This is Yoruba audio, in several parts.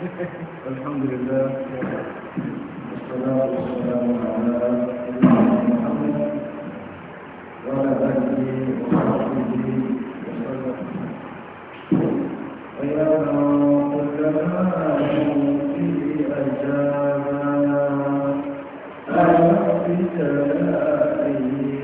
الحمد لله والصلاة والسلام على محمد وعلى آله وصحبه وسلم ويا قدماه في أجابنا أعلم بسلائه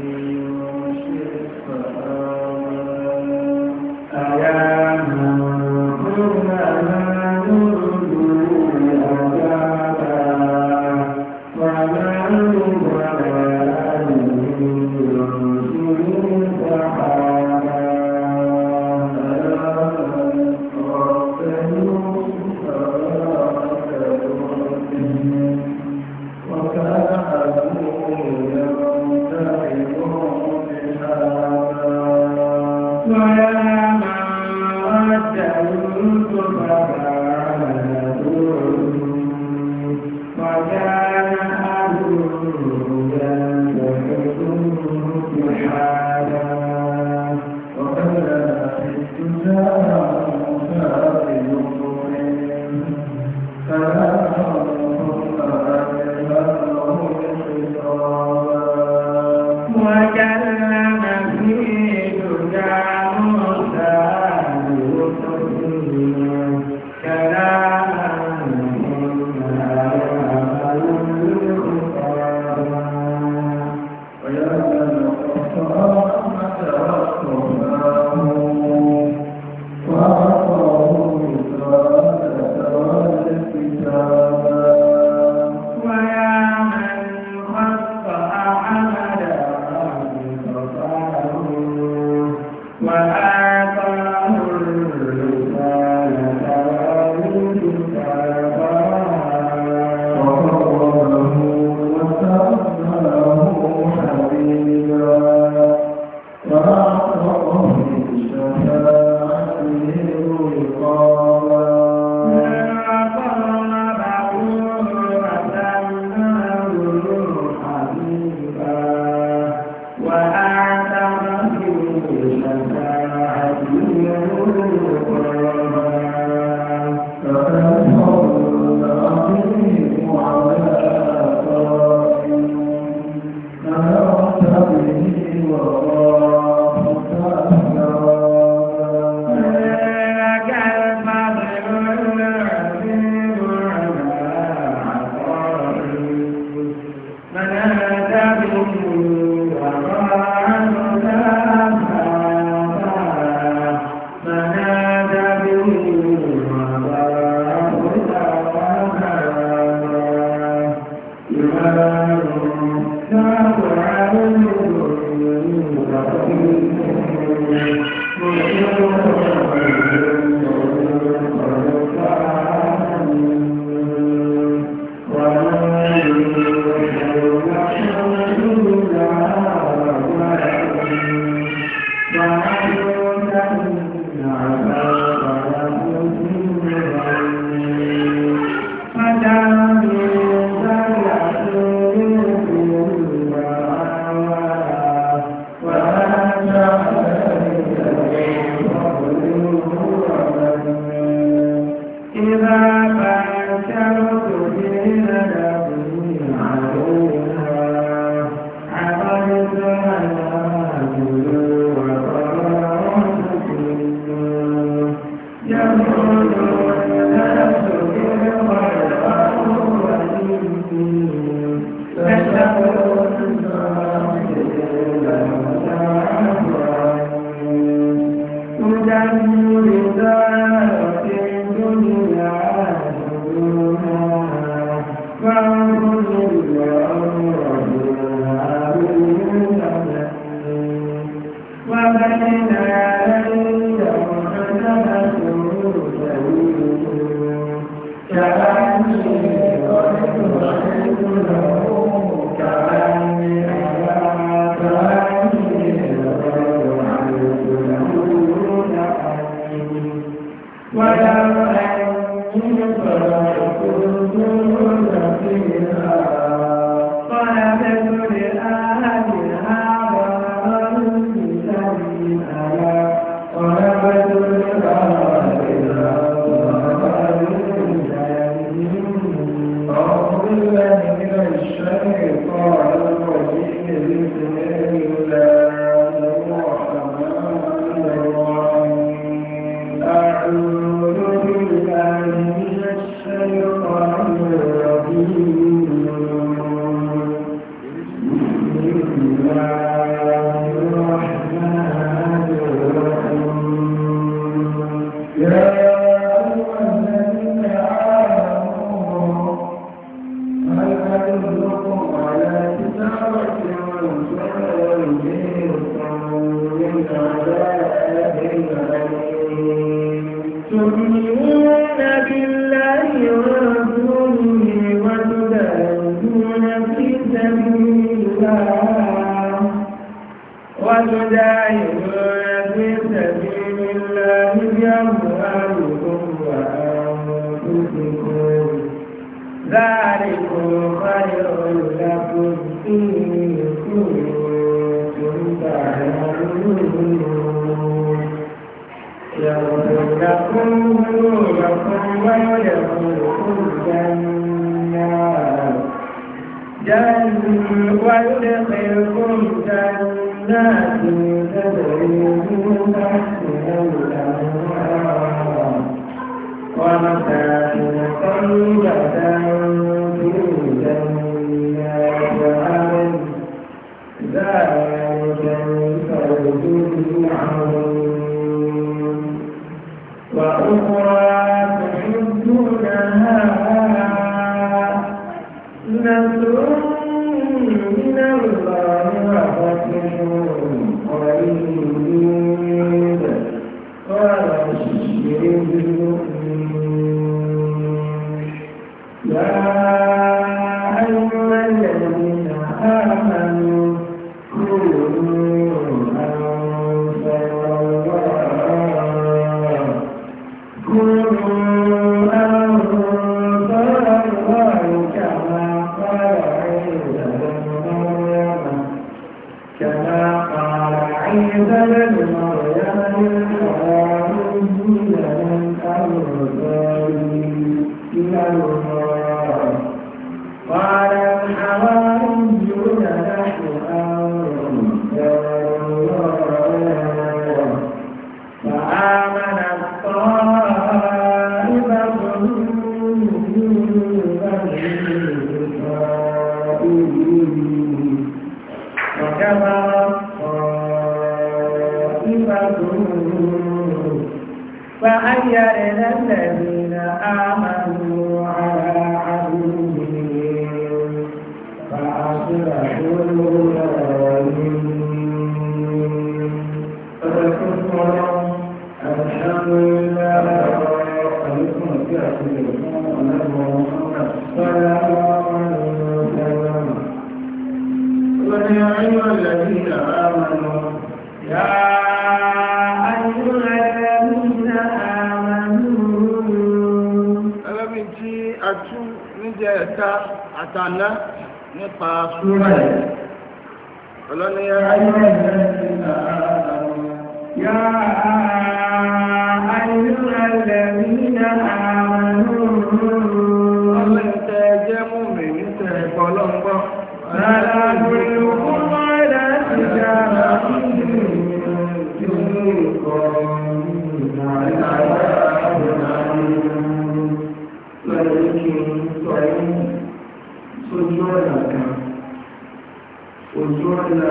ojú ọ̀nà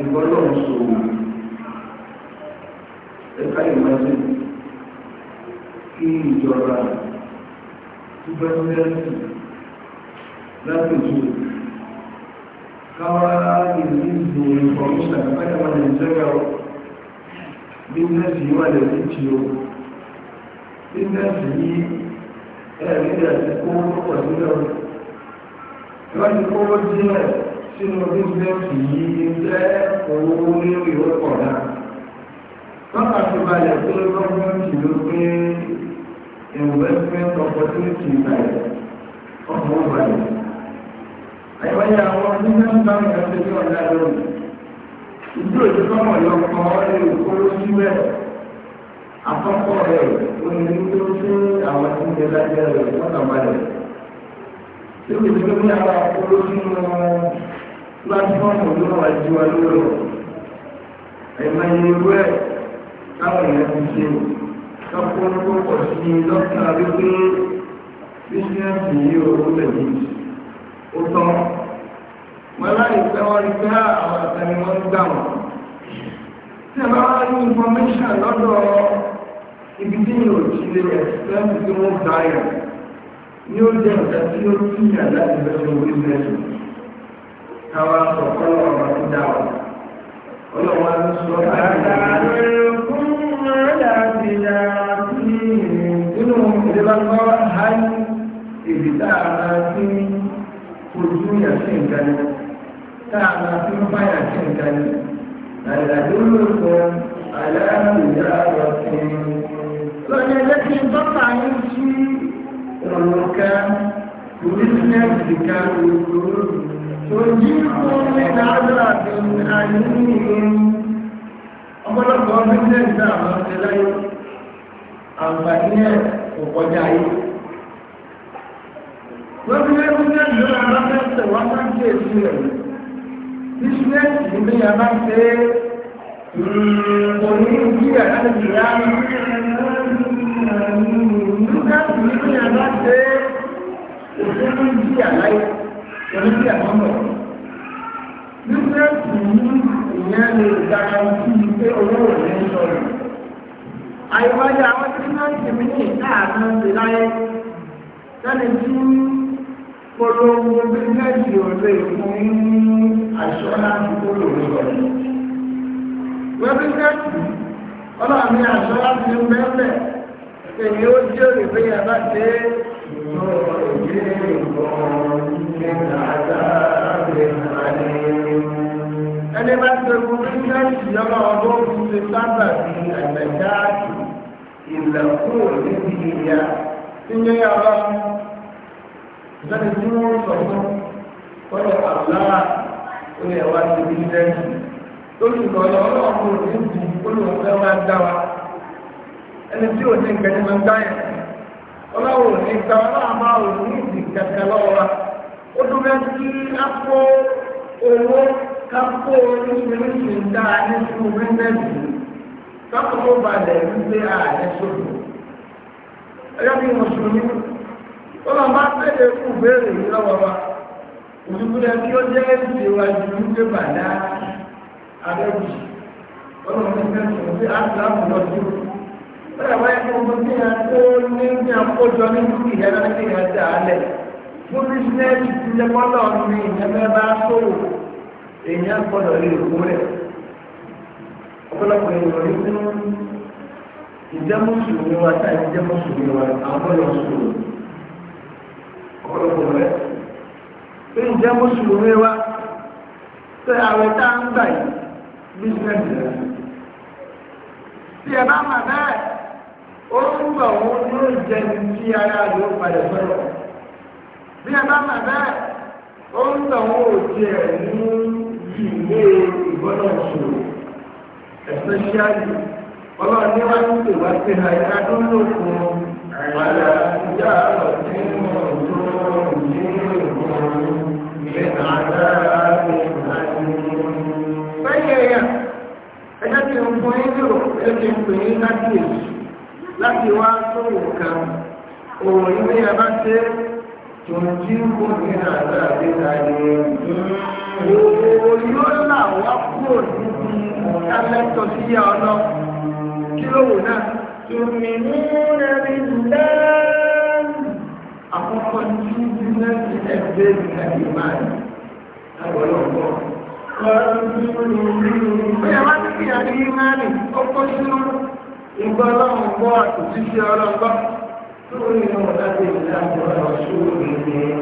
ìgbọ́lọ̀ ṣòwò ẹ̀ka ìmọ̀sí kí ìjọba túbẹ́sẹ̀sì láti jù káwàá ìlú ìgbò ìfọ̀míṣà pẹ́lẹ̀mọ̀ nàìjíríà bíńdẹ́sì wà lè ní tí o bíńdẹ́sì yí ẹ̀rídẹ̀ ti kó pẹ̀lú wọ́n ti kó díẹ̀ sínú bíńdẹ́sì yìí jẹ́ owó lérí ọkọ̀ náà lọ́pàá ti balẹ̀ pé gọ́ọ̀mẹ́ntì ló pé investment opportunity balẹ̀ ọkọ̀ balẹ̀ àyíwáyà àwọn bíńdẹ́sì bá ń gbà pé kí ọ̀dà lónìí ìdí òjò tọ́mọ̀ yọ kọ́ ẹ òkúrú síbẹ̀ àkọ́kọ́ rẹ̀ òní tó ṣe àwọn tí ń bẹ lábẹ́ rẹ̀ fọ́tàbalẹ̀ tí ó ti gbé àwọn òkúrú sínú pílátífọ́ọ̀mù tó wà ju wa lóró ẹ̀mọ ìlú ẹ̀ táwọn èèyàn ti ṣe lọ́pọ̀ tó pọ̀ sí lọ́kàn wípé bísíǹsì yìí ó lè ní ó tán wọn láì pẹ́ wọ́n rí pé ah, àwọn ọ̀sẹ̀ ni wọ́n ń gbà wọ́n. tí ẹ bá wá ní information lọ́dọ̀ ibi tí mi ò ti lè ẹ̀sìpẹ́ǹtì tí wọ́n gbà yà ní ó jẹ́ ọ̀sẹ̀ tí ó tún yà láti bẹ̀rẹ̀ orí mẹ́sùn. káwa sọ fọ́lọ́ ọ̀rọ̀ tó dá wọn. ọlọ́run á ń sọ nínú sí ìgbàlejò káàkiri tí ń báyà sí nǹkan ni àlàdúrókun aláàmìyá ọ̀sìn lọ́jọ́ ẹgbẹ́ tí ń tọ́ka yín sí ọ̀rọ̀ kan bísíǹsì kan òjì fún nígbà àdúrà tí àyíní ọ̀pọ̀lọpọ̀ bísíǹsì àwọn ọ̀sẹ̀ láyé àǹfààní ẹ̀ kò kọjá yìí lọ́jọ́ ẹgbẹ́ tí ń tẹ̀wọ́ bísíẹ̀sì ilé yà máa ṣe òní ìjìyà láti yá lúkàtì ilé yà máa ṣe òṣèlú ìjìyà láyé oníjìyà mọ́mọ́ bísíẹ̀sì yìí ìyẹn lè dára sí pé owó òní sọ̀rọ̀ àìwájú àwọn tí wọ́n ti mí ní ìta àtúnṣe láyé lẹ́ni tí polówó bísíǹsì ò lè fún àṣọ láti kó lòrò lọ. wẹ́bíṣẹ́sì ọlọ́run ní àṣọ láti ń bẹ́ẹ̀ èyí ó jẹ́ òrèfé yà bá dé ẹni bá ti gbogbo bísíǹsì lọ́wọ́ ọdún ti ṣe sábà ní àgbẹ̀dá ìlẹ̀kùn òní ìyá tí ń yẹ ọlọ́run ìtọ́ni tí wọ́n sọ fún kọ́lọ̀ àbúláwà ó yẹ wá sí ibi lẹ́yìn lórí ìrọ̀lẹ́ ọlọ́run kò ní ìdí olùwọ́fẹ́ máa dá wa ẹni tí ò ní nǹkan ní máa ń dá yẹn ọlọ́run ò ní gba ọlọ́run máa ò ní ìdí kankan lọ́wọ́ wa ó tún fẹ́ kí á kó owó ká kó dá ní sùn bíńdẹ́ẹ̀sì ká kó balẹ̀ wípé ààrẹ sọ̀rọ̀ ẹ̀yọ́ bí mùsùlùmí ọlọ́ bá tẹ́lẹ̀ fún béèrè yìí lọ́wọ́ wa òdúgbúlẹ̀ tí ó jẹ́ ìdíje wa ju wípé bàdá abẹ́kù ọlọ́run ti fẹ́ sọ̀rọ̀ sí àtìláàmù lọ sí o bẹ́ẹ̀ wáyé kí ọmọ tí a tó ní ní àkójọ ní kúrì yẹn láti fi hàn dà á lẹ̀ fún bísínẹ́ẹ̀sì ti jẹ́ kọ́lọ̀ ní ìyẹn bá sòwò èèyàn gbọ́dọ̀ lè kú rẹ̀ ọ̀pọ̀lọpọ̀ ìròyìn fún ìjẹ́mùsùn ni wa táyà ìjẹ́mùsùn ni àwọn ọ̀sùn ọ̀pọ̀lọpọ̀ rẹ̀ pé ǹjẹ́ mùsùlùmí wa tẹ àwẹ̀ tá ń gbà yìí bísíǹsì rẹ̀ tí ẹ bá mà bẹ́ẹ̀ ó ń gbà wọn yóò jẹ ní tí ara rẹ̀ ó ọlọ́run ní wá ń pè wá sí àyíká tó ń lò fún àyà ìjà àlọ́ tí ń ó ti ń pè ní lákìyèsí láti wá sóhùn kan òun ilé abá ṣe tòǹtì kò ní àgbà àgbéga ni òun yóò là wá kúrò níbi kálẹ́tọ̀ síyá ọ̀nà kí ló wò náà. Tùmìnúnà bí dáa. Àkọ́kọ́ ní bí náà ti ẹgbẹ́ ìgbà ìmáà. Àgbọ̀lọ́gbọ̀. Bẹ́ẹ̀ wá ní kí àrí ìmáàlì ó kó sínú ìgbọ́ ọlọ́run gbọ́ àtòjíṣẹ́ ọlọ́gbọ́ tó ní ọmọ láti ìlànà ọ̀rọ̀ ṣúrò ìgbẹ́.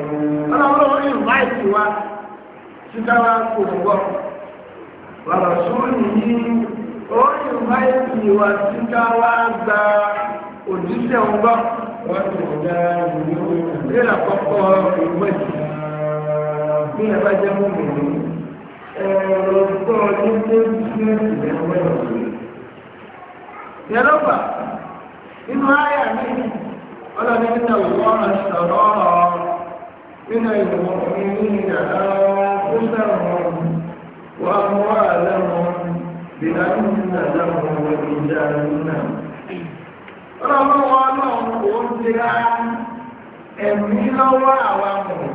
Ọlọ́run ní ìmáìtì wa títà wá kò gbọ́. Ọ̀rọ̀ ṣúrò yìí ó ìmáìtì wa títà wá gba òjíṣẹ́ ọgbọ́. Wọ́n ti dá ìlú ìlú àkọ́kọ́ ìwé ìgbìyànjú. Bí ẹ bá jẹ́ mú mi ẹ̀rọ tó ọdún tó ń nínú ayà mi, ọlọ́ni nínú ìwọ̀n sọ̀rọ̀ nínú àwọn وأموالهم بأن wọn náà kò ń jẹ́ ẹ̀mí lọ́wọ́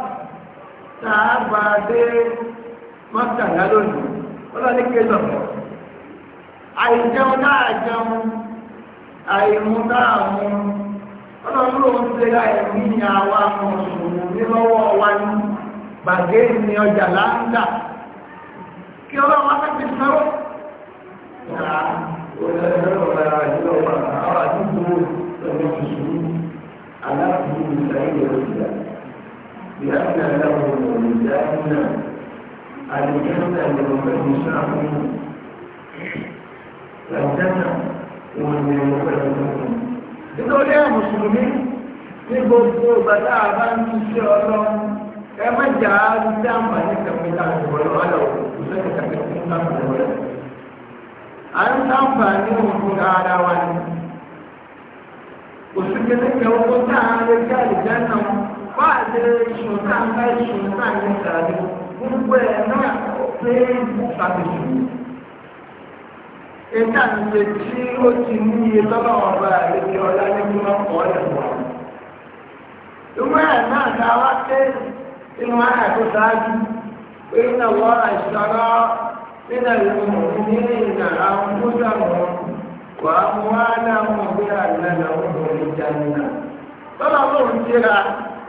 sáàbà dé mọ́tàlá lónìí ọlọ́ni kéjọ pọ̀ àìjẹun náà jẹun àìmú náà mú ọlọ́run ló ń ṣe ni ni àwa mùsùlùmí lọ́wọ́ wa ní gbàgé ni ọjà láńdà kí ọlọ́run wá fẹ́ fi sọ́rọ́ Aláàbò ìlú ìlú ìlú ìlú لأن له من ذلك أن يهدى لربه شعبه فاهتم ومن يهدى إنه يا مسلمين في بوكو بدا عبان تشيرون كما جاء الزام بانك من الله ولو على وزكة كتبين نام الولد أن نام بانك وكونا على وانك وسكتك وكونا على الجال جانا وانك bá àlẹ́ ìṣùn tá a bá ìṣùn tá a yẹn sàlẹ̀ gbogbo ẹ̀ náà pé tàbí ṣù. Ètà ìṣe tí ó ti ní iye lọ́nà ọba àlejò ọlá ní kí wọ́n kọ́ ẹ̀ wọ̀. Ìwé ẹ̀ náà ta wá pé inú àyà tó ṣáájú pé iná wọ́n àìsàrọ̀ nínú ìlú ní ìrìnà àwọn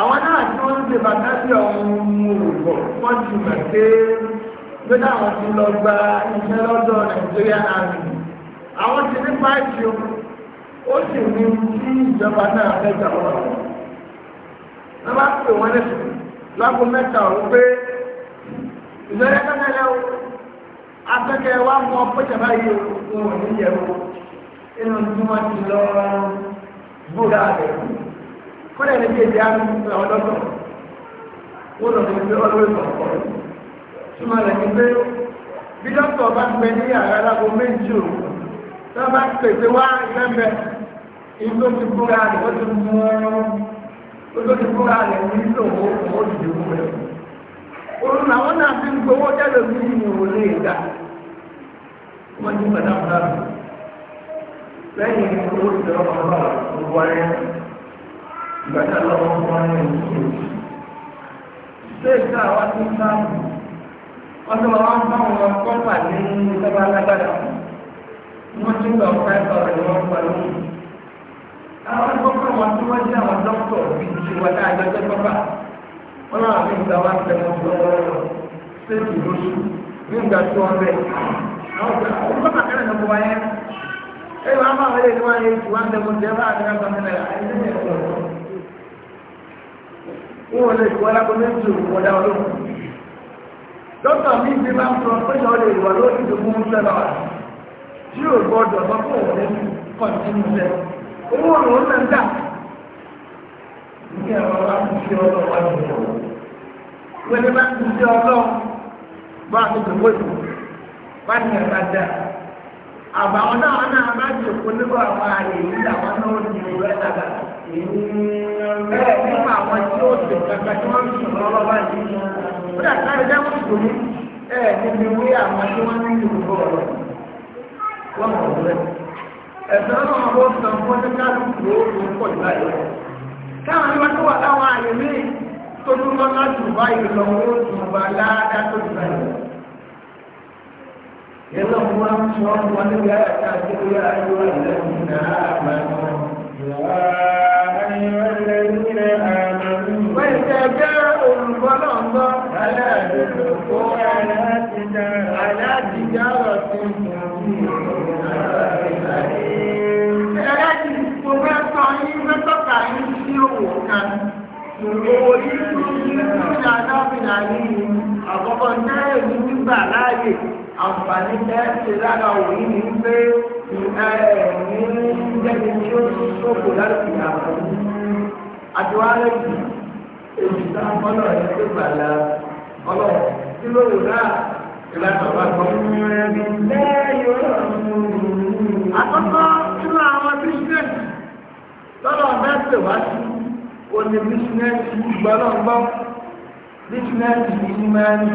àwọn náà tí wọ́n ń ṣe bàtàkì ọ̀hún mú òbọ̀ wọ́n ti mọ̀ pé pé táwọn ti lọ gba iṣẹ́ lọ́dọ̀ nàìjíríà àmì àwọn ti ní páìpì o ó sì ní kí ìjọba náà mẹ́ta wọn wọ́n bá pè wọ́n lẹ́sùn lágbo mẹ́ta ọ̀hún pé ìṣẹ́lẹ̀ kẹ́kẹ́lẹ́ o afẹ́kẹ́ wa mọ pẹ́tẹ́ báyìí o wọn ò ní yẹ o inú tí wọ́n ti lọ búra rẹ̀ kọ́lẹ̀ ní bí èdè àmì ọlọ́tọ̀ wọ́n lọ sí ọlọ́wọ́ ìfọ̀kọ̀ súnmọ́ rẹ̀ ní ti ó ti mú ó ti ní òun rẹ̀ òun náà fi ń ìgbà tí àlọ́ wọn wọ́n rẹ̀ ní ìṣòro. ṣé ìta wa ti ń sáàmù wọ́n tó máa ń bá wọn kọ́pà ní ìjọba alágbára wọ́n ti ń gbà wọn káyọ̀ ọ̀rọ̀ ni wọ́n pa lóhùn. àwọn kọ́pà wọn tí wọ́n jẹ́ àwọn dókítọ̀ bí ti wà ní àjọjọ́ kọ́pà wọ́n náà fi ìgbà wa tẹ̀lé ọ̀rọ̀ ṣé ìlóṣù ní ìgbà tí wọ́n bẹ̀ àwọn kọ́pà kẹ́rẹ̀ ní ọkọ̀ wáyé ẹ̀ níwọ̀n lè ṣùgbọ́n lápò méjì òkùnkùn dá ọlọ́run dókítà mi ti máa ń sọ pé ìyá ọlẹ́ ìwà lórí ìdògún ń sẹ́lá wa tí ò gbọ́dọ̀ sọ fún òun ní kọ̀ǹtínú sẹ́ owó òun ń lẹ́ńdà ní ẹ̀rọ wa ti ṣe ọlọ́run wẹ́n àbáwọn náà náà má jòkó nígbà àwọn àyè yìí làwọn náà ó di ìwé dàgbà. bẹ́ẹ̀ nípa àwọn tí ó ṣe kankan tí wọ́n ń sùn lọ́wọ́ báyìí. ó dà sáré dáhùn ìgbòmí ẹ̀ níbi wí àwọn tí wọ́n ní ìlú ọ̀rọ̀ wọ́n mọ̀ ọ́ rẹ̀. ẹ̀sán náà ló san fún ní kálukú ó ló pọ̀ jù láyé rẹ̀. káwọn ní tó wà láwọn àyè míì tó dúró lọ́jọ́ يلهم وانصر ولا تعتدوا يا أيها الذين آمنوا يا أيها الذين آمنوا وإذا جاءوا الظلم فلا تلقوا على تجارة Òwò yìí tún yìí tún ìlànà ìlànà yìí, àkọ́kọ́ náà yìí gbà láàyè àǹfààní bẹ́ẹ̀ ṣe lára òní ní pé ìta ẹ̀mí jẹ́ni tí ó ṣòfò láti àwọn àtiwárẹ̀ jù èyí tá a kọ́ náà ẹgbẹ́ gbàlá ọlọ́run tí ló wò náà ìlànà wà gbọ́. àkọ́kọ́ nínú àwọn bísíǹsì lọ́dọ̀ mẹ́sẹ̀ wá sí òní bísíǹsì gbọ́dọ̀ gbọ́ bísíǹsì ìmọ̀ ẹni.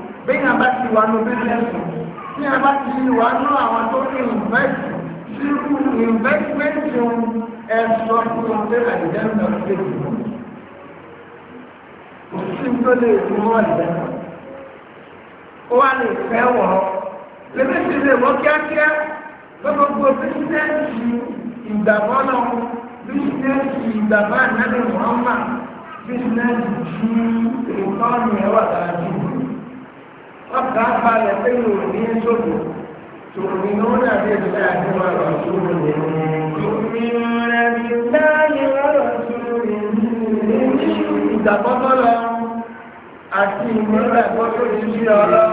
bẹ́yìn bá ti wà ní bísíǹsì tí a bá ti wà ní àwọn tó ní ìnvẹ́sì sírú ìnvẹ́sìmẹ́ntì ẹ̀sọ́ fún ọdẹ àìjẹ́ńdà ṣèlú kò sí tó lè fi mọ́ ìjẹ́ńdà ó wà lè fẹ́ wọ̀ ọ́ lébí ti lè wọ́ kíákíá gbogbo bísíǹsì ìgbàgbọ́ náà bísíǹsì ìgbàgbọ́ ànábì Muhammad bísíǹsì tí ìkọ́ni ẹ̀wà dájú ọkà balẹ̀ pé mi ò ní sọ̀tò tòmínúnà bí ìlà àdúrà rẹ̀ sóòrò ní. tòmínúnà bí ìlà àdúrà rẹ̀ sóòrò ní. ìdàgbọ́tọ̀ lọ àti ìmọ̀lá ìgbọ́tọ̀ ti ṣí ọlọ́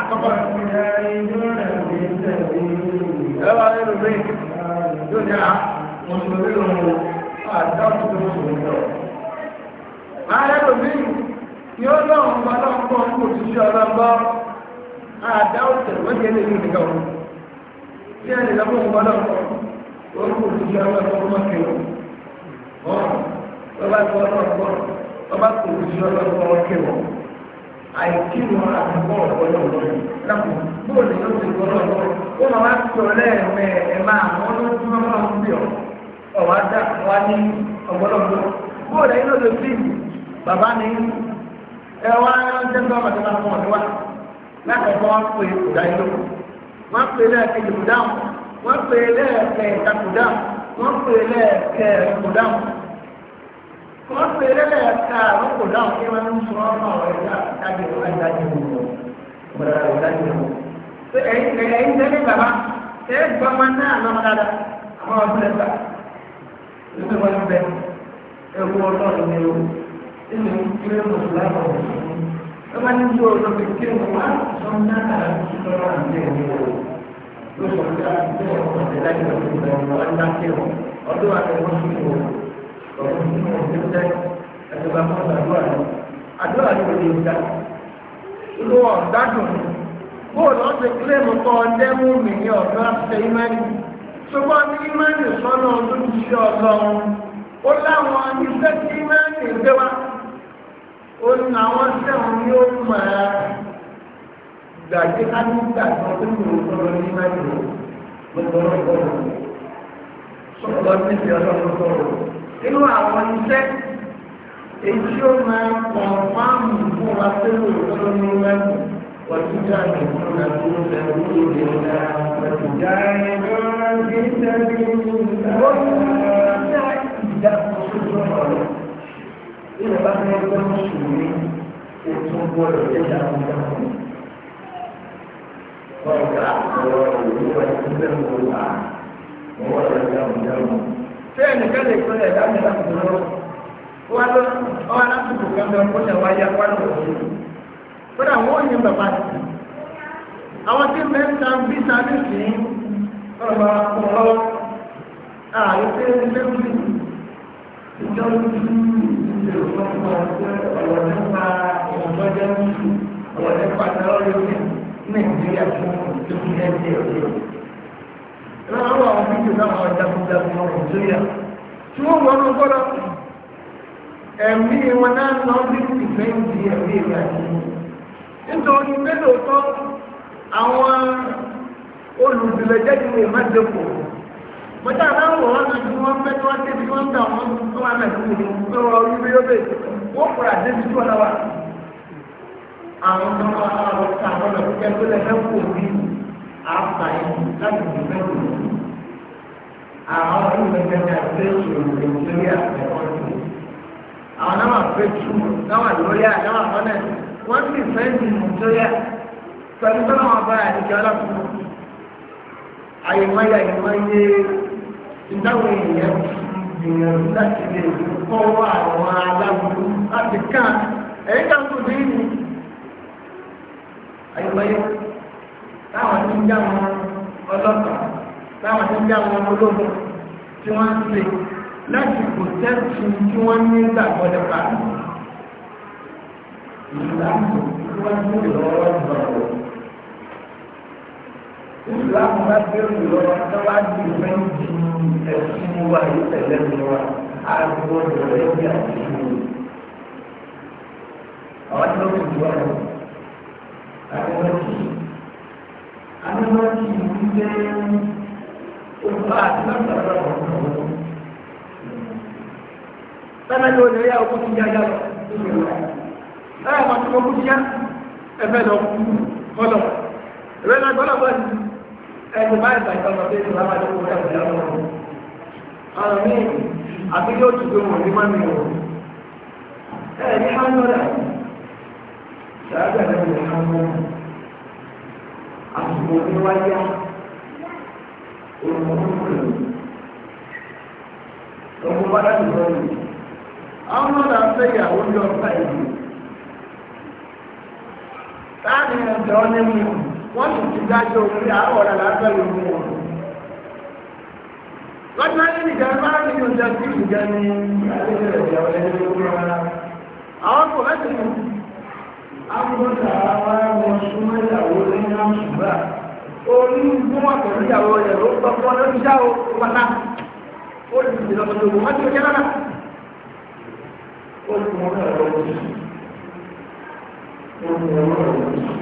àkọ́kọ́. ẹwà nínú mi yóò ní à mùsùlùmí lòun àdáwọ̀ tó mùsùlùmí lọ. máa rẹ̀ lòmí yóò lọ́wọ́ ọ̀pọ̀lọpọ̀ kò ti ṣí ọlọ́ àdá òtẹ̀ wọ́n ti ẹni ní ìdíkà wọn tí a lè lọ́pọ̀ ọmọ náà kọ́ wọ́n kò tó ṣe àwọn ẹ̀kọ́ ọmọ kẹwọn wọn bàbá tó ọmọ ọgbọ́ bàbá kò tó ṣe ọmọ ẹ̀kọ́ ọmọ kẹwọn àìkí wọn àtúbọ̀ ọ̀pọ̀lọ̀ ọ̀pọ̀lọ̀ lápò bóòlù ni ó ti gbọ́ lọ́wọ́ ó máa wá sọ lẹ́ẹ̀mẹ́ ẹ̀ máa wọ́n ló tún máa ń bì ọ́ ọ̀wá dá wá ní ọ̀pọ̀lọpọ̀ bóòlù ẹ̀yin ló lè fi bàbá ní ẹ wá ń tẹ́tọ́ ọmọdé máa fún ọ̀dọ́ lákọ̀ọ́kọ́ wọ́n pe ìdájọ́ wọ́n pe lẹ́ẹ̀kejì kò dáhùn wọ́n pe lẹ́ẹ̀kẹta kò dáhùn wọ́n pe lẹ́ẹ̀kẹrin kò dáhùn wọ́n pe lẹ́ẹ̀ka àwọn kò dáhùn kí wọ́n ń sọ ọmọ ọ̀rẹ́ dájú ìwọ́n dájú ìwọ́n ọ̀rẹ́ dájú ìwọ́n. ẹ̀yin ẹ̀yin tẹ́lẹ̀ bàbá ẹ̀ gbọ́mọ náà lọ́mọ dáadáa àwọn ọ̀sẹ̀ gbà lókè wọn bẹ ẹ̀wọ́ ọlọ́run ni ó ẹ̀yìn ìgbéró mùsùlùmí Lọ́wọ́ ní bí o lọ́bi kí o wá sọ́n náà kí o wá ní ẹ̀mí o. Ló sọ pé a ti tẹ̀ ọ̀pọ̀ tẹ̀lé láti lọ sí ìgbà wọn ńlá kí o. Ọdún wa ni wọ́n sún o. Ọ̀pọ̀ sún o ní tẹ́ ẹ̀sọ́ bá fún àdúrà rẹ̀. Àdúrà rẹ̀ ò lè gbà. Ló wọ̀ gbádùn. Bóòlù ọ̀sẹ̀ kílẹ̀ mú kọ́ ọ̀dẹ́mú mi ní ọ̀dọ́ àṣẹ ìmánì. Ṣùgbọ́n ní ìmánì sọ́nà ọdún ti ṣe ọ̀dọ́ ó ó ní àwọn sẹ́wọ̀n ni ó máa gbàgbé kánígbà tó ń lò lọ́rọ̀ ní májò lọ́pọ̀lọpọ̀ sọ̀rọ̀ níbi ọlọ́run sọ̀rọ̀ nínú àwọn iṣẹ́ èyí tí ó máa kàn fáàmù fún wa tó lò lọ́rọ̀ ní májò وتجاهدون في سبيل الله وتجاهدون في سبيل الله tí mo bá fẹ́ gbọ́ mùsùlùmí o tún gbọ́dọ̀ jẹ́jà àwọn ọmọ mi. ọ̀gá ọ̀rọ̀ òwú ẹ̀kú bẹ́ẹ̀ mo wà mo wà lọ sí àwọn ọmọ mi. ṣé ẹnìkan lè pẹ́ ẹ̀dá mi láti lọ wá lọ ọwọ́ aláàbò kan bẹ́ẹ̀ kó ṣe wáyé apá lọ sí i. kódà wọ́n yin bàbá sí i. àwọn tí mẹ́ta bí sáré sí i ọ̀rọ̀ bá kọ̀ lọ́wọ́ àìsí ẹni lẹ́kùn ìjọ́ Nàìjíríà àwọn fídíò náà wọ́n má dẹ́kọ̀ọ́ bọ́tà bá ń wọ̀ wọ́n lójú wọn fẹ́ tí wọ́n débi wọ́n dà wọ́n tó wà mẹ́tò ní pé wọ́n rí bí yóò bè wọ́n kura débi tí wọ́n lọ wà. àwọn tó wà láwọn tó àwọn lọ sí ẹgbẹ́ lẹ́fẹ́ kò bí àpà yìí láti fi fẹ́ kò bí. àwọn ọdún mẹ́tẹ́ ní àgbẹ̀ ìṣòro lórí àgbẹ̀kọ́ sí. àwọn náà wà fẹ́ tù náà wà lórí àgbẹ̀ wà fọ́nẹ̀ wọ́n sì fẹ́ di nàìjíríà pẹ̀lú tó náà wà bá àdìjọ́ lọ́kùnrin àyèmáyé àyèmáyé ìdáhùn èèyàn gbìyànjú láti lè kọ́wọ́ àwọn aláwùú láti ká ẹ̀yìn kan tó dé ìlú ayọ̀báyọ̀ táwọn tí ń já wọn ọlọ́pàá táwọn tí ń já wọn ológun tí wọ́n ń ṣe láti kò tẹ́tù tí wọ́n ní ìgbàgbọ́ nípa ìlú láti wọ́n ń lọ́wọ́ ìgbàgbọ́. ìsìláàmù bá bẹ̀rù lọ́wọ́ tó bá di méjì ẹ̀sìn wa ìtẹ̀lẹ́ lọ́wọ́ àgbo ìrọ̀lẹ́ bí àtìlú. àwọn tó ń wá lọ àwọn ẹni máa ń gbàgbọ́ ọmọ bẹ́ẹ̀ tó lábàá tó kọjá ìjà lọ́wọ́ ọ̀rọ̀ mi àbí yóò tún gbé wọn ní mọ́mí o ẹ ní hánúrà ṣàgbà náà ní hánúrà àsìkò ní wáyá olùmọ̀ọ́kùnrin ọmọ bá láti lọ́wọ́ àwọn náà náà fẹ́ ìyàwó ní ọgbà ìlú táàbì ẹ̀jọ́ ní mímu wọ́n sì ti dájọ́ orí àárọ̀ ọ̀dà lábẹ́ ìlú wọn. lọ́jọ́ ní ìjà bá rí oúnjẹ sí ìjà ní àwọn kò láti mú. Agbọ́dọ̀ àwọn ọmọ súnmọ́ ìyàwó ní Nàìjíríà. Orí fún àkọ́rí ìyàwó rẹ̀ ló gbọ́ fún ọdún ìjà o pátá. Ó ti sì lọ́kọ̀ tó wọ́n ti kẹ́ lọ́nà. Ó ti mọ́ ọ̀rọ̀ ọ̀rọ̀ ọ̀rọ̀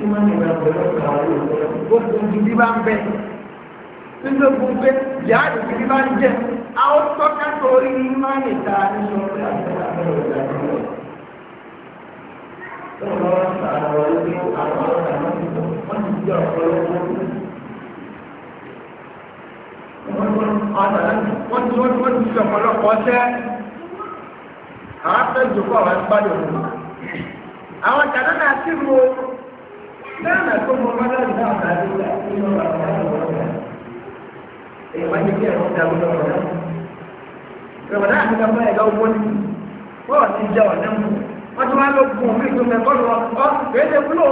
tí wọ́n ní ìwà pẹ̀lú ọ̀gá àwọn olùkọ́ gidi bá ń bẹ nínú gbogbo yàrá gidi bá ń jẹ àwọn tọ́ka torí máa ń ta nínú ọ̀gá àwọn olùkọ́ lọ́wọ́ àwọn olùkọ́ àwọn ọ̀gá àwọn olùkọ́ wọ́n ti jẹ́ ọ̀pọ̀lọpọ̀ wọ́n ti wọ́n ti sọ ọ̀pọ̀lọpọ̀ ọ̀sẹ̀ náà sí wo Gánà tó mọ bá dáàbò náà náà ló gbà kí ló bá wọn lọ wọn gbà. Èyí wá ní kí ẹ̀rọ ń dàgbọ́ lọ́wọ́ náà. Rọ̀bọ̀dá àti kàfá ẹ̀dá owó ni wọ́n ti jẹ ọ̀nà mú. Wọ́n ti wá ló gun òfin ìgbìmọ̀ ẹ̀kọ́ lọ ọ́ kéde kúlò.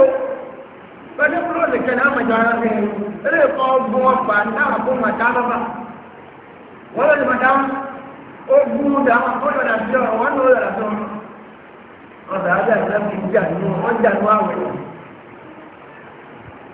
Bẹ́ẹ̀ni kúlò nìkan náà mọ̀jọ ara mi ni. Eré kọ́ gun ọ̀pá náà kó mà dá lọ́ba. Wọ́n lọ ní mà dá ogun dà wọ́n lọ dà sí ọ̀rọ̀ wọ́n lọ sí ọ̀rọ̀. Ọ̀sà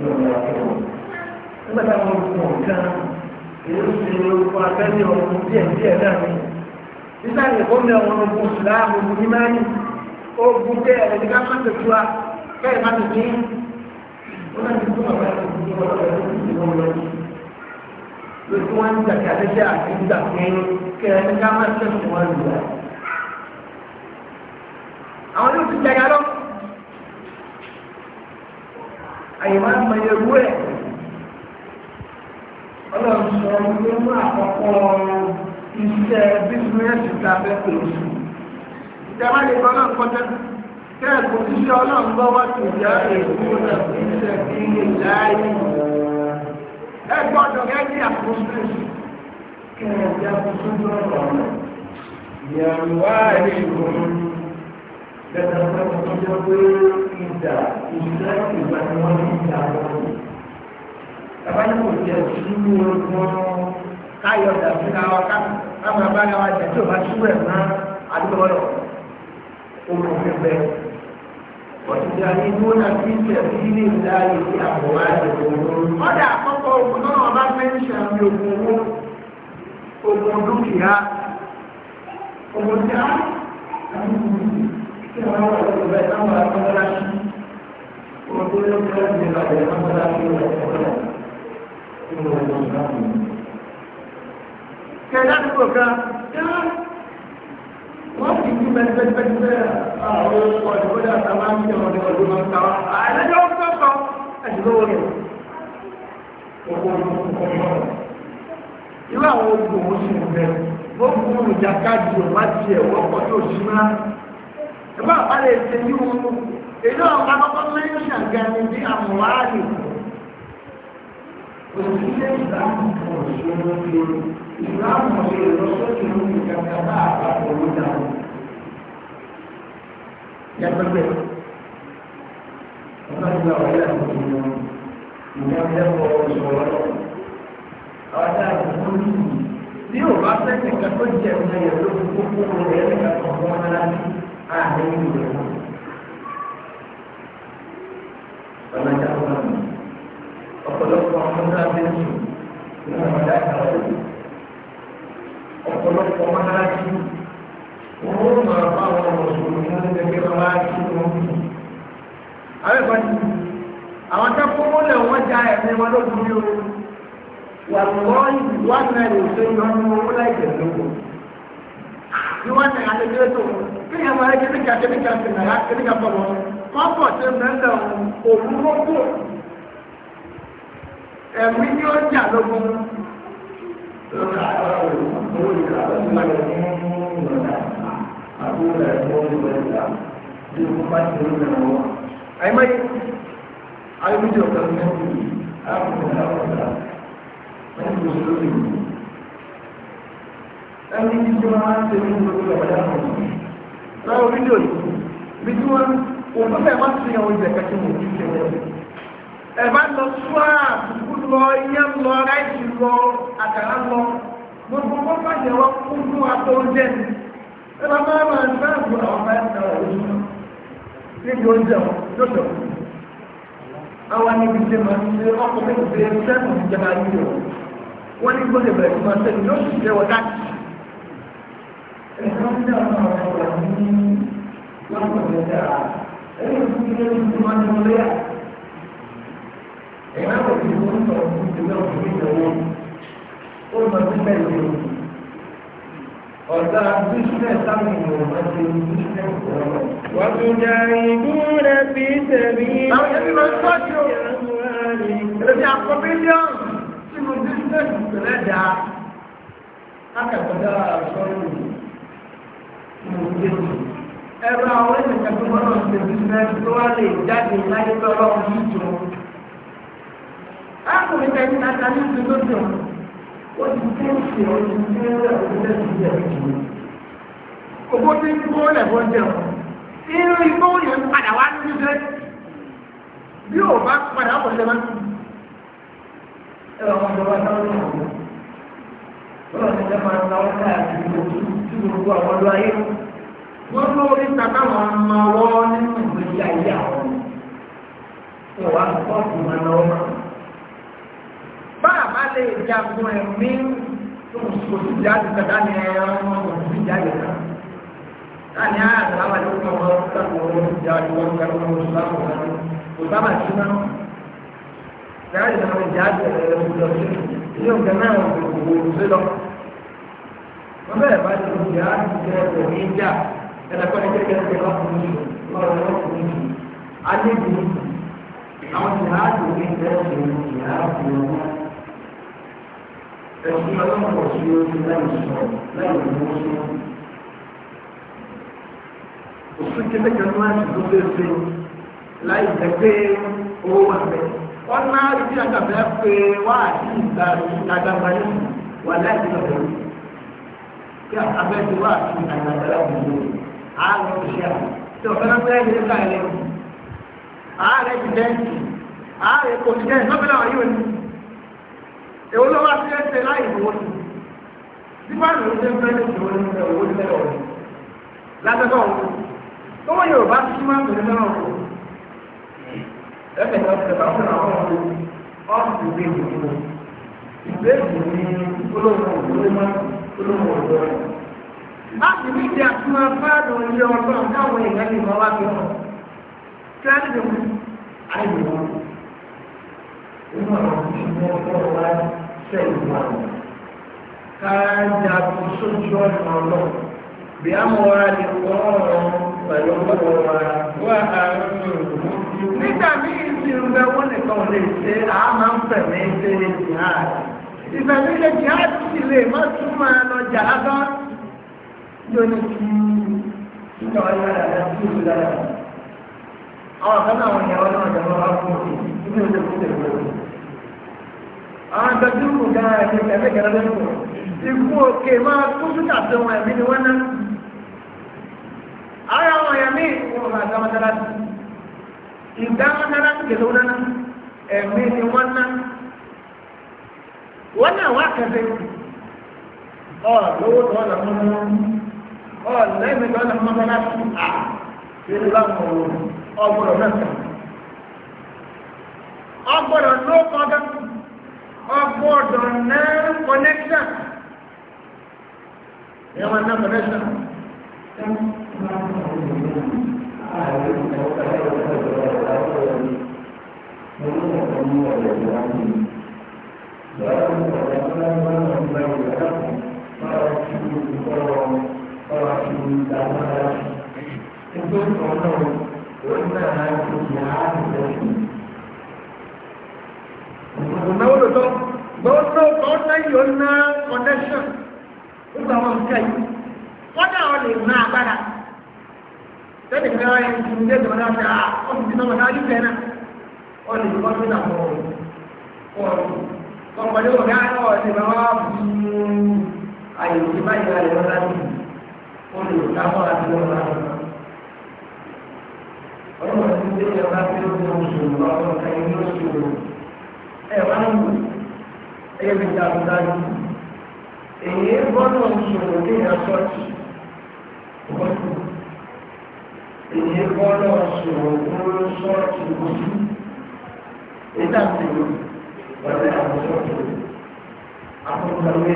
ní ọmọ akẹ́kọ̀ọ́ nígbà táwọn olùkọ́ kan èyí ṣe olùkọ́ abẹ́lé ọkùnrin díẹ̀ díẹ̀ náà ni títà ní ìkọ́mi ọmọ olùkọ́ ìsìláàmù ní máa ní ogun tẹ ẹ̀ẹ́dì ká máa tètú wa kẹ́ẹ̀ máa tètú yín wọ́n náà ti tún ọ̀gá ìlú ní ọ̀gá ìlú ní ìlú wọn lọ́dún lójú wọn ń dàgbà lẹ́sẹ̀ àti ìgbà pé kẹ́ẹ̀ ẹ̀ẹ́dì ká máa tẹ̀sùn wọn lù wá. àwọn yóò ti jẹ́ yàrá àyìnbá mẹyẹ wú ẹ̀ ọlọ́run sọ wípé mú àkọ́kọ́ iṣẹ́ bísíǹsì ta fẹ́ pè oṣù ìjọba lè gbọ́ náà kọjá kẹ́ẹ̀kọ́ iṣẹ́ ọlọ́run gbọ́ wá sí ìjà èkó náà iṣẹ́ kí lè láàyè ẹ gbọ́dọ̀ gẹ́gẹ́ àkóso kẹ́ẹ̀kọ́ sójú ọ̀rọ̀ yẹ̀rù wáyé ìgbòho Gbẹ̀dọ̀ pé mo ti jẹ́ pé ìjà ìṣẹ́ ìgbà ni wọ́n ní ìjà wọn ni. Bàbá yìí kò jẹ́ òṣìṣú wọn káyọ̀ dàbí káwọn káwọn abáyá wa jẹ́ tí ò bá ṣúwẹ̀ mọ́ àdúgbò lọ. Olùkọ́ bẹ́ẹ̀. Ọ̀sìnyàní tó náà fi ń tẹ̀ sí ilé ìdá ìdí ogun náà ogun dúkìá, ogun dá, àbí ogun tí wọ́n wà lórí ìgbà táwọn akọ́dọ́láṣí wọ́n tó ló kọ́ ní ìbàdàn akọ́dọ́láṣí rẹ̀ kọ́dọ̀ tí wọ́n lọ sí láti mú. kẹ̀dá tó kà á wọ́n ti kú pẹ́ẹ́pẹ́ẹ́pẹ́ àwọn ọ̀dọ́dọ́ àtàwọn àti ọ̀dọ́ ọdún máa ń ta wá. àìlẹ́jọ́ ń tọ́ kọ́ àdúgbò rẹ̀. irú àwọn olùkọ́ wọn sì ń bẹ̀rù wọ́n fún olùjàkadì ọ̀pá tiẹ̀ wọ́pọ̀ tó sí máa ìgbà àbálẹ̀ ìṣe yìí wọn mú èyí ọ̀gá kọ́kọ́ mẹ́ńṣà gani bí àmúwáàlì òṣìṣẹ́ ìsìláàmù kan ṣe ló ń lo ìsìláàmù ṣe ìlọsókè ló ń gbàgbà bá àpapọ̀ ló dà ó. yàtọ̀gbẹ̀ ọ̀gá ìgbà wọlé àwọn ènìyàn ìyá lẹ́wọ̀ ìṣòro àwọn táwọn tó ń bí ò bá fẹ́ nìkan tó jẹ́ ìyẹn ló kókó rẹ̀ nìkan kan fún wọn láti ààrẹ ìlú rẹ̀ náà. Ọlọ́jà ọmọ mi, ọ̀pọ̀lọpọ̀ ọmọ náà bẹ́ẹ̀ sùn ní ọ̀dà ìkàwé. Ọ̀pọ̀lọpọ̀ ọmọ náà kí wọ́n ó máa bá àwọn ọ̀ṣun ní ọdún gẹ́gẹ́ bá máa kí wọ́n bí. Àwọn ẹ̀fọ́ ti náà lè ṣe ìrànlọ́wọ́ láì tẹ̀lé ni wọ́n tẹ̀yà lè dé tó wọn kí ni àwọn ẹgbẹ́ kíkà kíkà sí nàrà kíkà pọ̀ wọn wọ́n pọ̀ sí mẹ́ta òun lókò ẹ̀mí ni ó jà lógún. Àyìnbáyé, ayé méjì ọ̀gá ló ń bọ̀. Àwọn ọ̀gá ọ̀gá, wọ́n ti gbèsè lórí ìlú ẹni tí tí wọ́n máa ń ṣe ní gbogbo ọ̀dá kan láwọn fídíò yìí bí tí wọ́n òun tó fẹ́ máa ṣe àwọn ìjẹ̀ kẹ́kẹ́ mọ̀ ní ìṣẹ̀lẹ̀ ẹ bá lọ sùá àtùkù lọ iyán lọ ráìsì lọ àkàrà lọ gbogbo wọn bá jẹ wọn kún fún wa tó ń jẹ ní ẹ bá máa máa ń bá àbúrò àwọn bá ń ta ọ̀rọ̀ yìí níbi oúnjẹ máa ń ṣe ọkọ̀ mẹ́tẹ̀ẹ̀ẹ́ sẹ́nu ìjọba yìí wọ́n ní gbọ́dọ̀ bẹ̀rẹ̀ fún wa sẹ́nu wọ́n dáàbò ní àwọn ọ̀rọ̀ ọ̀rọ̀ ní lọ́pọ̀ ìgbésẹ̀ rà ẹ̀yìn tó ti lé ní ìgbìmọ̀ ní ilé yà ẹ̀yìn àwọn òbí tó ń sọ̀rọ̀ fún ìdílé òbí ní ìdánwò ó lọ sí bẹ́ẹ̀ ní ọ̀dà bísíǹnẹ̀ sáwọn ènìyàn máa ṣe bísíǹnẹ̀ ìgbọ̀nrọ̀. wọ́n tún jẹ́ ìgbóná fi tẹ̀lé àwọn ẹbí máa ń tọ́jú ẹ̀rọ àpọ̀ bílíọ̀nù sínú bísíǹnẹ̀ ìgbọ̀nrẹ̀ dáa. akẹ́kọ̀ọ́ dára sọ́yìn ẹ̀rọ àwọn ènìyàn tó mọ́nà ṣe bísínẹ́sì tó wá lè jáde láyé lọ́wọ́ yìí jọ. Ákùnrin tẹ̀sí náà ní ìlú tó jọ. Ó ti dé ìṣe ọdún tí ó rẹ̀ ó lẹ̀ sí ìyẹ̀ ìjọ. Òbó tí ń kó lẹ̀ bọ́ jẹun. Irú igbó yẹn padà wá ní ṣíṣe. Bí ò bá padà wọ̀ lẹ́wọ́n. Ẹ̀rọ ọmọdé wa náà ló wà wọ́n ti fẹ́ máa ta wọ́n káàkiri ojú tí gbogbo àwọn ọlọ́ ayé wọ́n lọ orí tata wọn máa wọ́ nínú ìgbésí ayé àwọn ẹ̀ wá sọ́ọ̀tù máa lọ́wọ́ máa. bá a lè jagun ẹ̀mí tó ń sọ sí jáde kàdá ni ẹran wọn kò sí jáde kan. láàrin àárẹ̀ láwọn ẹ̀dọ́ kan wọn kàkó wọn ti jáde wọn kàkó wọn ti láwọn wọn kò sábà sí náà. jáde náà jáde ẹ̀rọ ìjọba ilé òkè náà wò kò wò sí lọ. wọ́n bẹ̀rẹ̀ bá ti di àtijọ́ ẹ̀kọ́ ní ìjà ẹ̀dàkọ́ni kékeré ti lọ́kùnrin lọ́wọ́ lọ́kùnrin alẹ́bí àwọn ìhàdù ní ìtẹ́sí ìhàdù ọmọ ẹ̀sùn ọlọ́pọ̀ sí orí lẹ́yìn sọ lẹ́yìn ìwọ́n sí òsùn kékeré máa ń dúró lé láì jẹ́ pé owó wà bẹ́ẹ̀ wọ́n máa rí bí àgbàfẹ́ pé wá àti ìgbà ìtagbangba yìí wà láti lọ́wọ́ kí abẹ́ ti wá àti àgbàfẹ́ láti lọ́wọ́ àárọ̀ òṣìṣẹ́ tí ọ̀fẹ́ náà fẹ́ẹ́ lè ká ẹlẹ́ ààrẹ ìdẹ́ǹtì ààrẹ kò sí dẹ́ǹtì lọ́fẹ́ náà yóò ní èwo ló wá sí ẹsẹ̀ láì ìwọ́ ni bí wọ́n lò ó fẹ́ lè ṣòro ní ní ẹ̀rọ ẹ̀fẹ̀ náà ṣe bá fún àwọn ọmọ ọ̀sùn ìwé ìdìbò ìwé ìdìbò ní olóhùn òdòdó olóhùn òdòdó. láti ní ìdí àtúnwá fáàlù ilé ọgbọ́n táwọn èèyàn lè mọ wá bí wọn kíláàsì mi àìlè wọn nínú àwọn ìṣẹ̀lẹ̀ ọgbọ́n wa sẹ́yìn wà wọn. káàdì àti sójú ọ̀nà ọlọ́run bí a mọ̀ wá lè wọ́n ọ̀rọ̀ pẹ̀lú ọgbọ́n wa wá àárín òdòdó nígbà míì ti ń bẹ wọ́n nìkan lè ṣe àmà ń fẹ̀mí ṣe jihad ìfẹ̀mí ṣe jihad sì lè má túmọ̀ lọ jà á bá lónìí kí ìjọ ìyára rẹ̀ kú lára àwọn kan náà wọ̀nyẹn wọn náà jọ̀wọ́ wá fún mi nínú ìlú ìlú ìlú ìlú àwọn àgbẹ̀dú kù dáa ẹ̀mí ẹ̀mí kẹrẹ lẹ́nu ikú òkè máa kú sí àtẹ̀wọ̀n ẹ̀mí ni wọ́n ná. ara àwọn ẹ̀mí wọn máa gbá mọ́tálásí idan na ran ke zauna nan me ne wannan wannan wa ka zai ọ lówó tó ọ̀nà mọ́nà ọ lẹ́yìn tó ọ̀nà mọ́nà láti à yìí bá mọ̀ ọgbọ̀rọ̀ náà kà ọgbọ̀rọ̀ ló kọ́dọ̀ ọgbọ̀rọ̀ náà connection ìyẹn wọn náà connection. Gbọ́nà ọ̀nà ìlú ọ̀nà connection. Ó gbà wọn kẹ́ yìí kọ́dà wọn lè rún agbára tẹ́lẹ̀ kí wọ́n yẹ kí ní ìjọba náà ṣe à ti sọ́wọ́ náà yíṣẹ́ náà wọ́n lè kọ́ sínú àpò ọ̀rọ̀ ọ̀pọ̀lẹ́ òní àná ọ̀sẹ̀ máa wá bu àyèwò tí báyìí wà lọ́wọ́ láti wọ́n lè rún káwọn àti lọ́wọ́ láti ọlọ́run ti dé ẹ̀ka tí ó ti oṣù ọ̀rọ̀ ọ̀ka yìí ló ṣe ẹ̀ wá ń wù ẹ̀yẹ́ mi ta àbúdájú èyí gbọ́dọ̀ oṣù òru ní ìyá èyí gbọ́dọ̀ sọ̀rọ̀ lórí sọ́ọ̀tì ojú ìdásílò pẹ̀lú àwọn sọ́ọ̀tì ojú àkókòwé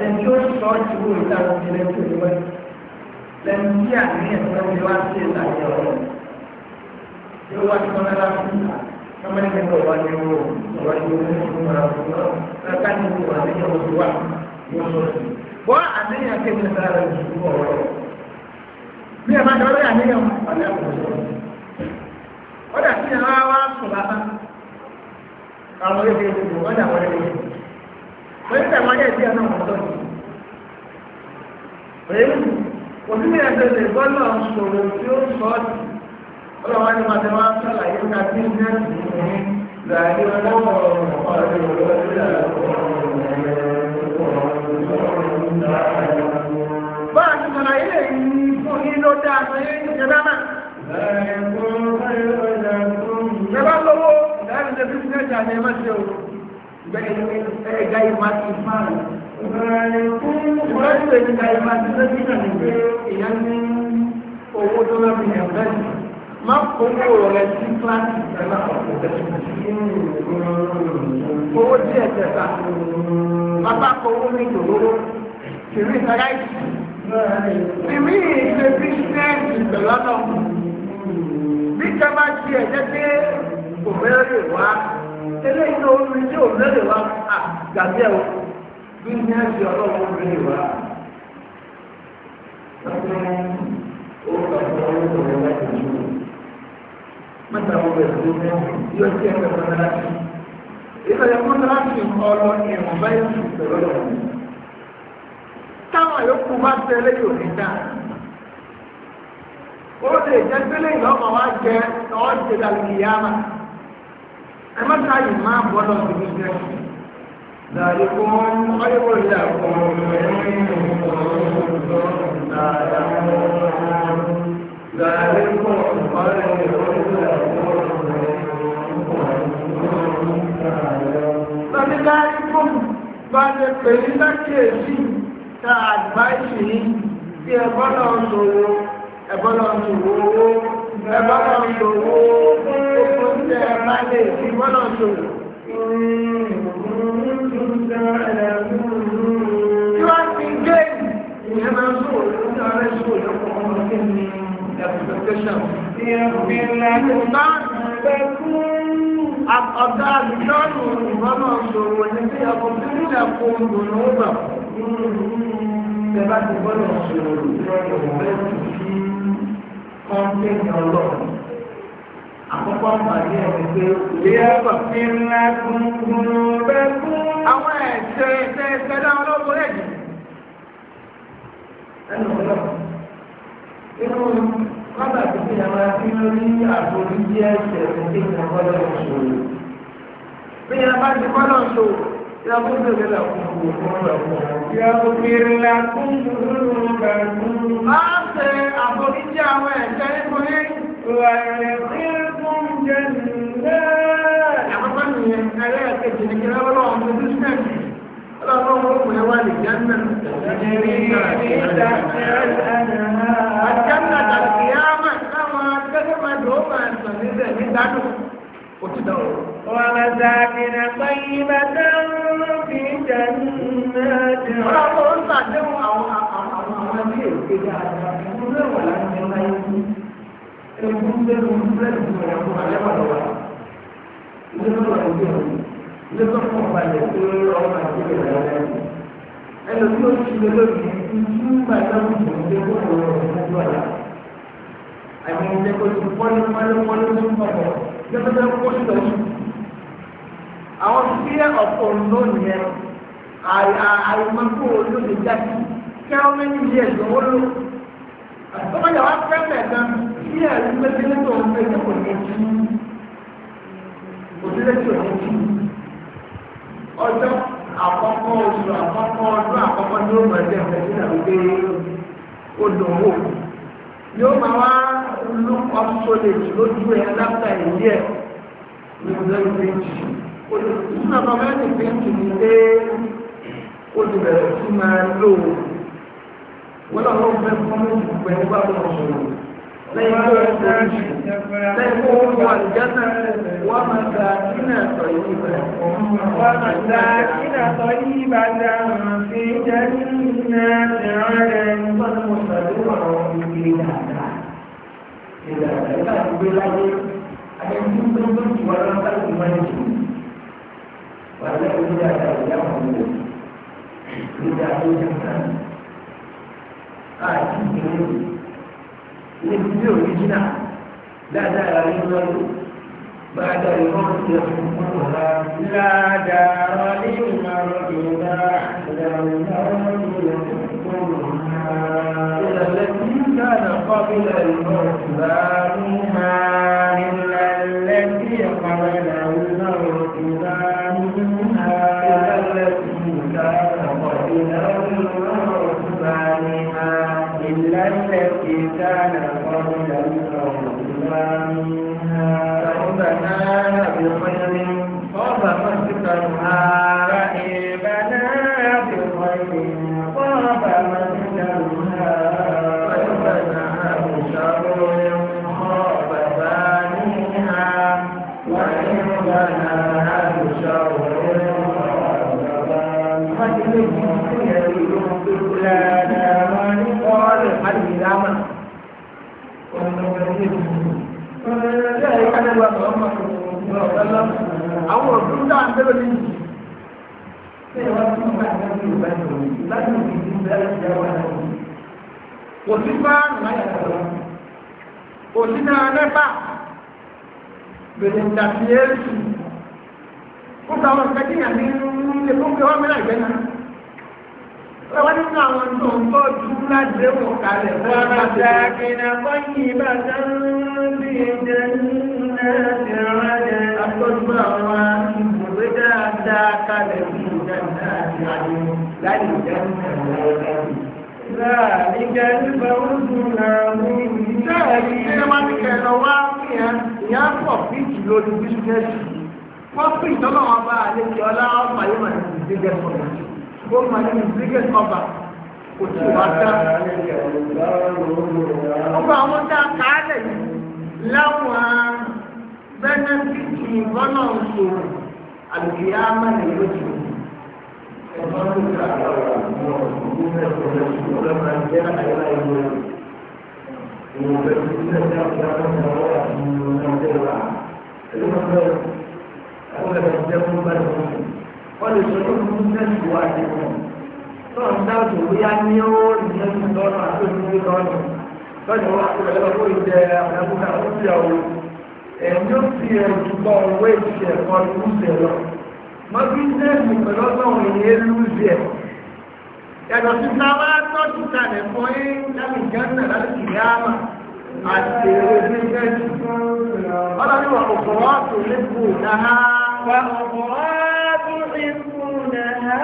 ẹni tó sọ́ọ̀tì ojú ìdásílẹ̀ tó ń wẹ́ lẹ́nu tí àníyàn tó ń wá sí ìdájọ́ rẹ̀ yóò wá sí ọ̀nà láti ìlà kama ni kẹtọ wa ni wo wa ni wo ni wo mara wo náà kaka ni wo wa ni wo wa ni wo sọ si bọ́n àníyàn kẹ́kẹ́ sára ju bí ẹ bá jọ lọ́yà ní ẹ̀wọ̀n ọ̀lẹ́ ọ̀dà sí ẹ̀rọ wá sùn lásán àwọn olóde ìdìbò ọ̀dà wọlé ìdìbò pẹ̀lú ìtẹ̀wọ́n ní ẹ̀sìn ẹ̀rọ ọ̀tọ̀ yìí pẹ̀lú òbí mi ẹ̀sẹ̀ lè gbọ́ náà sọ̀rọ̀ tí ó sọ ọ́ sí ọlọ́wọ́n ní màtí wọ́n á sọ̀rọ̀ yìí ká bí ní ẹ̀sìn ìgbìmọ̀ làdí ọlọ́wọ́ ọ̀rẹ́ òwúrọ̀ bá a fún ní ló dá aṣọ yé ìṣẹ́ dáná. Ìjọba lówó ìdáhùn ṣe fífi ẹ̀jà ni ẹ má ṣe o. Ẹ̀ga ìmá ti máa rẹ̀. Ìwádìí èyí ka ìmá ti lé nígbà ní pé ìyá ní owó tó lọ́mí ẹ̀ bẹ́ẹ̀ ni. Má kókó rẹ̀ sí kíláàsì ìjọba owó díẹ̀ tẹ̀ta. Bàbá kọ owó mi dòwó. Ìmí ìṣe bísíǹsì ìgbẹ̀lọ́nà. Bí ìjọba ti ẹ̀jẹ̀ pé kò mẹ́rẹ̀ wá, eléyìí náà ó rí tí ò mẹ́rẹ̀ wá àgbàgbẹ́ o. Bísíǹsì ọlọ́run ó mẹ́rẹ̀ wá. Mẹ́ta wo bẹ̀rẹ̀ tó mẹ́ yóò tí ẹ̀kẹ́ fún ẹ̀ láti. Ìfẹ̀yẹ̀ fún ẹ̀ láti ọlọ́ ìrùn báyìí sùn pẹ̀lú ọlọ́run táwọn yòókù bá tẹ̀lé yóò ní dáa ó lè jẹ́ pélé ìlọ́mọ wa jẹ ọ́ jẹ dàlùkì ẹ má ta yìí má bọ́ lọ sí ibi jẹ. ذلكم خير لكم إن كنتم تعلمون ذلكم خير لكم ذلكم بعد قليل كيسي tá àgbáyé ní tí ẹgbọ́nà ṣòwò ẹgbọ́nà ṣòwò owó ẹgbọ́nà ṣòwò owó tẹ ẹ bá lè fi gbọ́nà ṣòwò. Tí wọ́n ti gé ìyẹn máa ń ṣòwò ní ọ̀rẹ́ ṣòwò a ti fẹ́ fún ọ̀gá àbíkọ́nù ìbọ́nà ṣòro ní bí ọkọ̀ tí ní ẹ̀kọ́ òǹdùnú bà tẹ́bá ti gbọ́dọ̀ ṣòro lọ́dọ̀ ọ̀fẹ́ sí kọ́ńtẹ́ẹ̀nì ọlọ́run àkọ́kọ́ pàdé ẹni pé ilé ẹ̀kọ́ ti ńlá kúnkún bẹ́ fún àwọn ẹ̀ṣẹ̀ ẹ̀ṣẹ̀ ẹ̀ṣẹ̀ dáwọn lọ́gbọ̀n ẹ̀jẹ̀ ẹnu ọlọ́run sábà tí kí ẹ̀ma fi ń rí àforí jẹ́ ẹ̀ṣẹ̀ fún kí ẹ̀ma kọ́lọ̀ ń ṣòro. bí ẹ̀ma ti kọ́lọ̀ ń ṣòro يغفر لكم ذنوبكم يغفر لكم ذنوبكم ما أخرج وأتيكم ويدخلكم جنات أعظم من آيات الجنة والله من دشمنه الجنة تجري من تحتها الأنهار الجنة القيامة máa dùn ó máa sàn níbẹ̀ ní gbádùn ó ti dàn ó. wàhálà sàmìnà pẹ̀lú bàtà fi jẹ̀nu náà jẹun. ọlọ́run ó ń sàdéhùn àwọn àwọn ẹbí èké dáadáa ìlú mẹ́wàá láti ẹ̀ láyé kú. ewu lẹ́nu lẹ́nu ìwọ̀n ẹ̀kọ́ alẹ́ wà lọ́wọ́ ilé lọ́wọ́ ẹ̀kọ́ ẹ̀kọ́ ilé tó fún ọba lẹ̀ pé ọba àti ìrẹ̀ lẹ́yìn. ẹnu tí ó ti lé lórí ìtú ẹ̀mí jẹ́ kó ti pọ́nú pọ́nú pọ́nú tó ń pọ̀pọ̀ jẹ́kọ́jẹ́ kó ti lọ sí. àwọn fear of unknown yẹn àìmọ́kó olóde jáde kẹ́wọ́n mẹ́ni yẹ ìdánwó ló. àtọ́kọ̀jà wá fẹ́ mẹ́ẹ̀kan sí ẹ̀rí pẹ́pẹ́lẹ́ tó ń pẹ́ kò ní jí òdílé tó ní jí ọjọ́ àkọ́kọ́ oṣù àkọ́kọ́ ọdún àkọ́kọ́ ní ó mọ̀ ẹ́ jẹ́ ìfẹ́ sí ìdàgbé ó yóò máa wá look obsolete lójú ẹ̀ láfíà ìdí ẹ̀ ní blank page olùsúnà bàbá ní page ní pé ó ti bẹ̀rẹ̀ sí máa lò ó wọ́n náà wọ́n fẹ́ fún mi ìgbẹ́ nígbà tó ń sọ̀rọ̀ lẹ́yìn tó ń sọ̀rọ̀ jù lẹ́yìn tó ń wà jẹ́nà wọ́n máa ta kínà sọ yìí bẹ̀rẹ̀. wọ́n máa ta kínà sọ yìí bá dá fi jẹ́ nínú náà tẹ̀rọ rẹ̀ nígbà tó ń sọ̀rọ̀ ìgbé dáadáa ìlànà ìlànà ìgbé láyé àyẹ̀wò tó ń gbé ìwà lọ́wọ́ ìwà ìjù wà lẹ́yìn ní àgbà ìyá wọn lò nígbà tó yẹ ká àti ìlú ní ìdílé òrìjìnà dáadáa ìlànà ìlú lọ́wọ́ بعد الموت يخلقها لا دار للمرء بعد الموت يخلقها قبل الموت لا منها إلا التي قبل الموت لا منها إلا التي كان قبل الموت لا منها إلا التي كان قبل الموت لا منها ربنا lórí ìlú bẹ́ẹ̀ wá fún ọgbà ìgbà tí yorùbá ti wọ̀nyí ìbáraẹni òbí ti ń bẹ́ẹ̀ láti yàwó àná òbí kò sí fáánù láyà lọ́wọ́ kò sí náà nẹ́fà bèrè ìdàtí èésù ó gba àwọn ìfẹ́ kíyàn ní ilé fún pé wọ́n mìíràn ìgbẹ́ náà lọ́wọ́ nínú àwọn tó ń bọ́ tún láti wọ̀ kalẹ̀ fún ara rẹ̀ àkìnà kọ́yìn bá sáńbì jẹ́ nínú ẹ̀sìn rẹ̀ àtọ́jú àwọn akíbi dákàlẹ̀ sí ìjọba àti àwọn láì jẹun Láàrínkẹ́ nígbà oúnjẹ náà ní ìjọ́ ẹ̀rí tí wọ́n ti kẹ̀lọ wá fún ìyá ìyá pọ̀ fíjì lórí bísúkẹ́sì. Wọ́n fún ìtọ́lọ̀ wọn bá àlejò ọlá ọ̀pá yóò máa ní ìdígẹ́ sọ̀rọ̀. Ó máa ní ìdígẹ́ sọ̀bà kò tí wá dá. Ọgbà àwọn dá kàálẹ̀ yìí láwọn bẹ́nẹ́fìtì bọ́nà òṣòro àlùkìyámà ní lójú ẹ̀fọn tó ká àwọn ọmọ ọdún mẹ́sàn-án lọ́sùn ọ̀rẹ́ máa ń jẹ́ àyẹ̀wò àyẹ̀wò ìwọ̀n pẹ̀lú sílẹ̀ ní àwọn ọmọ ọ̀rọ̀ àti ìwọ̀n náà tẹ̀ wá ẹ̀lú máa bẹ̀rẹ̀ àwọn ẹ̀rọ jẹ́ fún bẹ́ẹ̀ fún mi wọ́n lè sọ pé mo ń tẹ̀sí wá sí wọn náà ń dáàbò bóyá ní ó ní ẹ̀sùn lọ́nà àti òṣìṣẹ́ lọ́nà lọ́nà wá sí ọ̀rẹ́ ẹ̀mí ó fi ẹ̀rùjúbọ̀ owó ìṣẹ̀ ẹ̀kọ́ lúzẹ̀ lọ mọ́ bí nẹ́ẹ̀mù pẹ̀lú ọlọ́run ìyẹn lúzẹ̀ yàtọ̀ sí ta bá tọ́jú kalẹ̀ fún yín láti gánà láti kìlẹ̀ àmà àti èrò ilé gẹ́jù ọlọ́run wà òkòrò tó lébù náà wà òkòrò tó lébù náà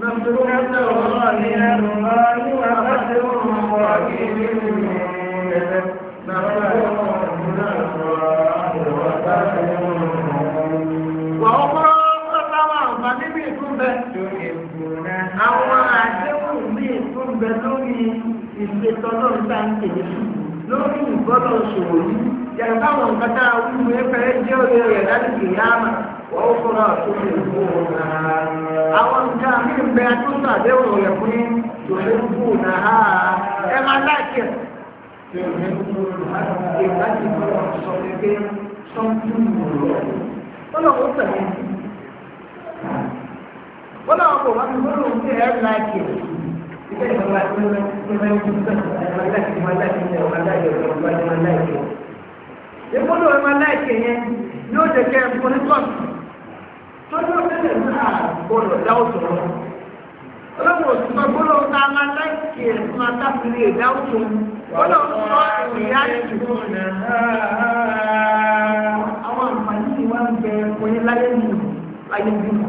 Nàìjíríà ń tẹ̀wọ̀ lọ́wọ́ ní ẹnu lọ́wọ́ ní wàhálà tí ó ń wọ̀ kí ní ìlú ẹ̀rẹ́. bẹ lórí ìgbésọ́nà ìgbàǹkè lórí ìgbọ́nà òṣòwò yìí yàrá báwọn nǹkan tá a wú ní ẹgbẹ́ jẹ́ orí rẹ̀ láti kìí àmà wọ́n ó fọ́nà àtúnṣe ìlú ọ̀nà àwọn nǹkan àmì ìgbẹ́ àtúnṣe àdéhùn rẹ̀ fún tòlé kú náà ẹ wọ́n náà kò wá ní gbọ́dọ̀ ní ẹ̀ láìkẹ̀ ìpolówó ẹ̀ máa láìpẹ́ yẹn yóò jẹ́ kẹ́ ẹ̀ fún ní tọ́sí tọ́jú ọ̀sẹ̀lẹ̀ náà gbọ́dọ̀ dáwọ́ sọ̀rọ̀ ọlọ́run òsì máa gbọ́dọ̀ ta máa láìpẹ́ ẹ̀ fún atáfìlì ìdáwọ́ sọ̀rọ̀ ọlọ́run sọ ìyá ìdìbò àwọn àǹfààní wa ń bẹ oyinláyé nínú ayé nínú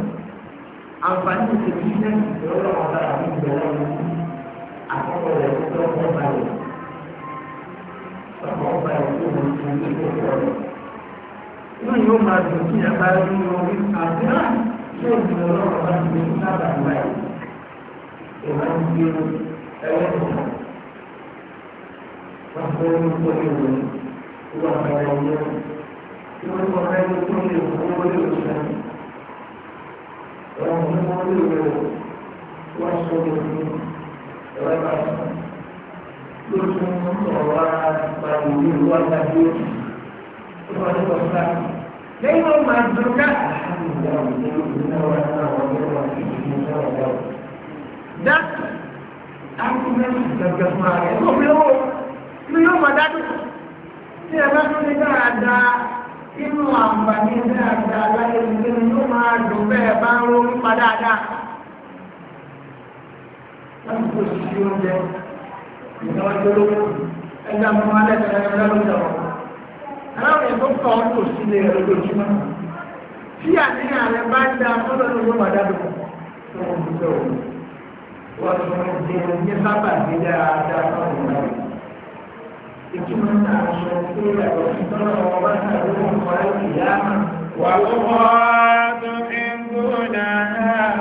àǹfààní ìṣe kí iṣẹ́ ìṣòro ọ̀gá àti ìbẹ̀rẹ̀ àkọ́kọ́ rẹ̀ tó tọ́kọ́ balẹ̀ tọ́kọ́ balẹ̀ tó wọ́n ti ní ìkókó rẹ̀. inú yóò máa dùn kí ẹ bá rí orí àti náà ṣé ìṣòro ọ̀gá ti ní sábà báyìí. ìwà ń gbé ẹlẹ́kọ̀ọ́ wọ́n fẹ́ ní kókó rẹ̀ wọ́n fẹ́ ní kókó rẹ̀ wọ́n fẹ́ ní kókó rẹ̀ ويعلمون ويصدقون ويعلمون يسلمون ويعلمون ويعلمون ويعلمون لأنه ما أدرك الحمد لله That argument is the best man. Ẹ̀rọ mi ló mọ̀ dájú. Tí ẹ bá tún ní dáadáa. nínú àǹfààní ẹgbẹ́ àti aláyé ìgbéni yóò máa dùn bẹ́ẹ̀ bá ń ronú láti kó oúnjẹ ìjọba ẹgbẹ́ aláwọ̀ ìtumọ̀ta aṣọ tó yàtọ̀ sí tọ́lá wọn bá tàbí wọn kọ́ ẹ́ sì yá mà. wà ló wọ́ tó fi ń gbóná.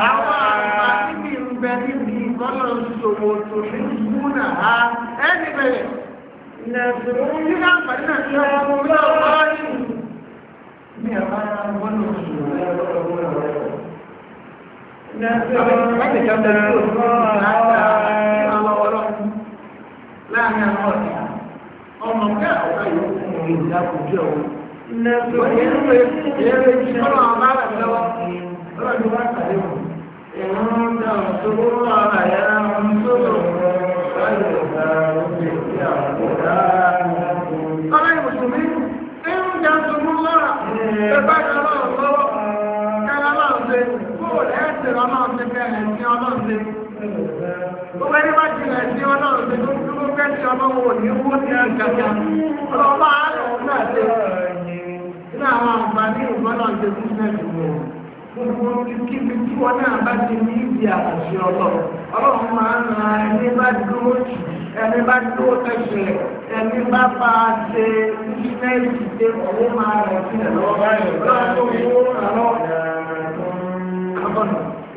àwọn àpàtì mi ń bẹ níbi ìtọ́lọ̀ ṣòwò tó fi ń gbóná ha ẹni bẹ̀rẹ̀. nàìjíríà ní àǹfààní náà ti rẹ̀ mú lọ́wọ́ yìí. mi àbá wọn lọ sọ̀rọ̀ ẹ̀rọ ọ̀rọ̀ ọ̀rọ̀. nàìjíríà ní àǹfààní náà ti rẹ̀ mú lọ́wọ́ yìí. ọmọ náà ọ̀rọ̀ yóò fún mi ìdákùjọ òun. Ìyẹ́rẹ́ ìṣẹ́ ọ̀rọ̀ ọ̀bá rẹ̀ lọ́wọ́. Ọ̀rọ̀ ni wọ́n kàlẹ́ wọn. Ìrún náà tó wọ́n àyà ń tó lọ́wọ́ láyé ọ̀gá òkè sí àwọn ọ̀gá. Ọlá ìmùsùlùmí, ẹ̀rùn jà ń sọmú lọ́ra. Ẹgbẹ́ ìjọba ọ̀lọ́wọ́. Kẹ́lá máa ń ṣe, kó lẹ́ẹ̀sẹ̀ ọlọ́run ti kẹ́rin sí ọlọ́run ti. Gbogbo ẹni bá jìnà sí ọlọ́run ti tó kẹ́kẹ́ ọlọ́wọ́ òní owó ní àgàgà ọlọ́wọ́ àárọ̀ náà ṣe nínú àwọn àǹfààní ìgbọ́nà ṣe fún sẹ́ẹ̀dì mọ́ gbogbo a ṣe bísínẹ́sì ṣe owó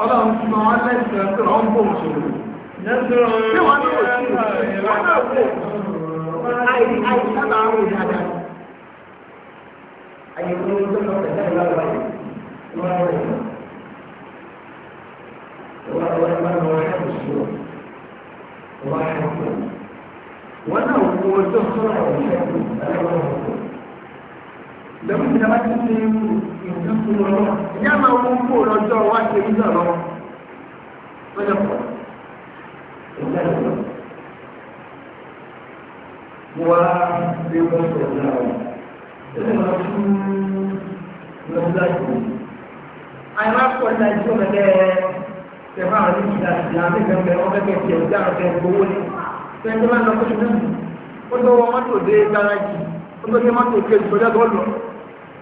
ọlọ́run ti máa wá lẹ́sìn ẹ̀kọ́ ọ̀hún bò ṣòro. Ṣé wọ́n ní òṣèlú? Wọ́n náà kò àìsábà ń rìn dáadáa. Àyẹ̀wò ní ọjọ́ kan tẹ̀lé ìlú àwọn ọ̀rẹ́ wọn wọ́n rẹ̀. Wọ́n wọ́n máa ń wọ́n rẹ̀ sùúrù. Wọ́n á rẹ̀ sùúrù. Wọ́n náà kò ọjọ́ sọ́ra ọ̀rẹ́ sẹ́kù. Lẹ́yìn ìjọba ti ṣe é ìyá máa wú kó lọ́jọ́ wá ṣe ń dọ̀ lọ́wọ́ lọ́jọ́ wá ṣe ń dáwọ́ ẹ̀rọ máa fún lọ́dájú àìmá pọ̀ ní àìsí ọ̀rẹ́ lẹ́ẹ̀ tẹ̀fà àwọn ìlú ìlà ìlà àbẹ̀gbẹ̀ wọn fẹ́ kẹ́ ìjà ọ̀gẹ̀ gbowó ni tẹ̀síwájú lọ́kọ́ ìlú ó lọ́wọ́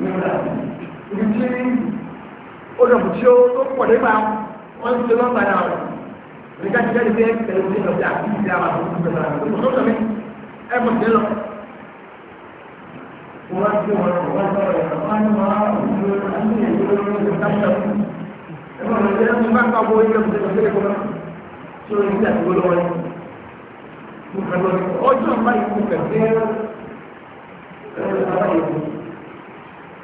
đấy ibi tí ó dọ̀bù tí ó pọ̀ nípa wọ́n đi, lọ́ta náà rẹ̀ nígbà tí jáde bẹ́ẹ̀ tẹ̀lé sí ọjà àti ìdí àwọn àti ìdí àwọn àti ìdí àwọn ẹ mọ̀ sí lọ. wọ́n ti wọ́n wọ́n sọ̀rọ̀ wọ́n ní wọ́n á wùdó àti ìdí àwọn àti ìdí anh ẹ̀rọ ìdí àwọn ìgbà kan bó ilé ọ̀sẹ̀ lọ́sẹ̀ kọ́ tí ó ń gbé àti gbóló wọn. ọjọ́ ìgbà yìí kò fẹ̀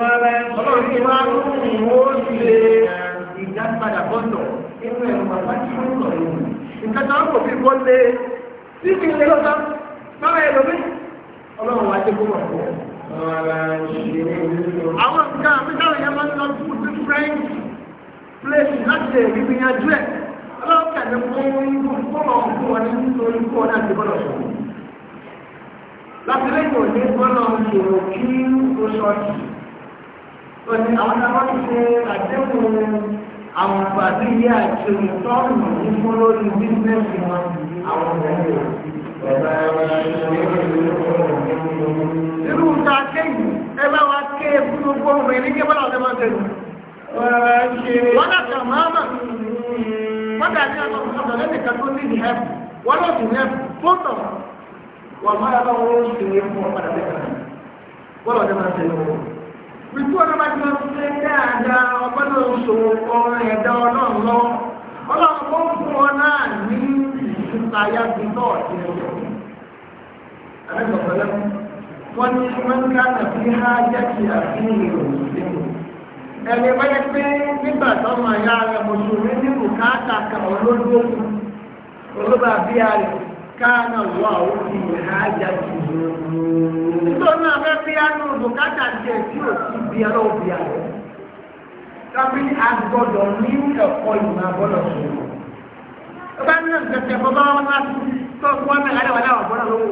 ọlọ́run ti máa ń rún ìwọ́n different place láti lè rí gbìyànjú lẹ́yìn òní bọ́lọ̀ sọ̀rọ̀ kí ó ó ní àwọn tí wọ́n ṣe àdéhùn àǹfààní yìí àti ìtọ́nù ìfún lórí bísíǹsì wọn àwọn ọ̀rẹ́ irú ta kéyìí ẹ bá wa ké fún gbogbo ọmọ ẹni ké bọ́lá ọ̀dẹ́ máa tẹ̀lé wọ́n dàgbà máàmà wọ́n dàgbà ọ̀dọ̀ lẹ́nìkan tó ní ìhẹ́pù wọ́n lọ́ọ̀tún ìhẹ́pù tó tọ̀ wọ́n máa bá wọn ó ṣe é fún ọ̀padà lẹ́kàn bọ́lá ọ̀dẹ́ máa tẹ̀lé wọn. Bísí wọn bá ti lọ sí ṣe dáadáa ọgbọ́n náà ń ṣòro ọrùn ẹ̀dá ọlọ́run lọ. Ọlọ́run kó fún wọn náà ní ìṣúpayá ti náà ti lọ. Àlẹ́gbọ̀gbọ̀lẹ́ wọ́n ní wọ́n ń ká àti há jẹ́kì àti ìròyìn sílẹ̀. Ẹ̀mí wáyé pé nígbà tọ́mọ ìyá rẹ̀ mùsùlùmí ní bùkátà káàmà wà ó fi ìhájà tì í. nítorí náà fẹ́ fi ánú bùkátà jẹ tí ò sí bí ẹ lọ́wọ́ bí ààrẹ. agbọ́dọ̀ ní ẹ̀kọ́ ìmọ̀ àbọ̀dọ̀ sọ̀rọ̀. ọba ní ọ̀sẹ̀ tẹ̀ bọ́ bá wọn láti tó wọn náà lára wọn bọ́dọ̀ lọ́wọ́.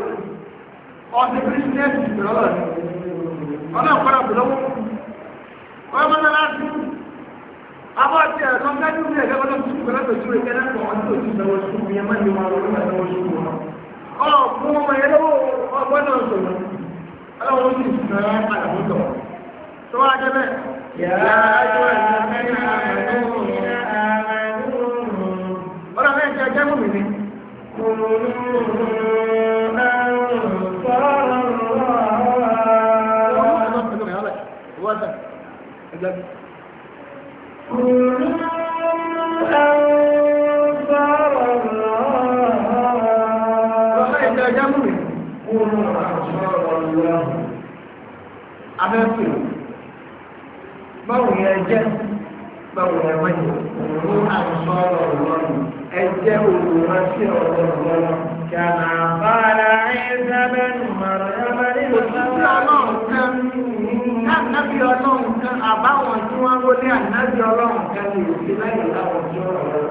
ọ̀sẹ̀ bírísínẹ́sì lọ́wọ́ ni ọlọ́ọ̀kọ́dọ̀ bọ̀ lọ́wọ́. ọba àbọ̀ tí ẹ̀ lọ kájú ní ẹ̀gbẹ́ bọ́lá tuntun pẹ̀lú àtọ̀jú rẹ̀ kẹ́lá kan wọn tó ti náwó sùn yẹn má yọ Thank you. ó ní ànábì ọlọ́run kan lè ṣe láyè láwọn tí ó rọ̀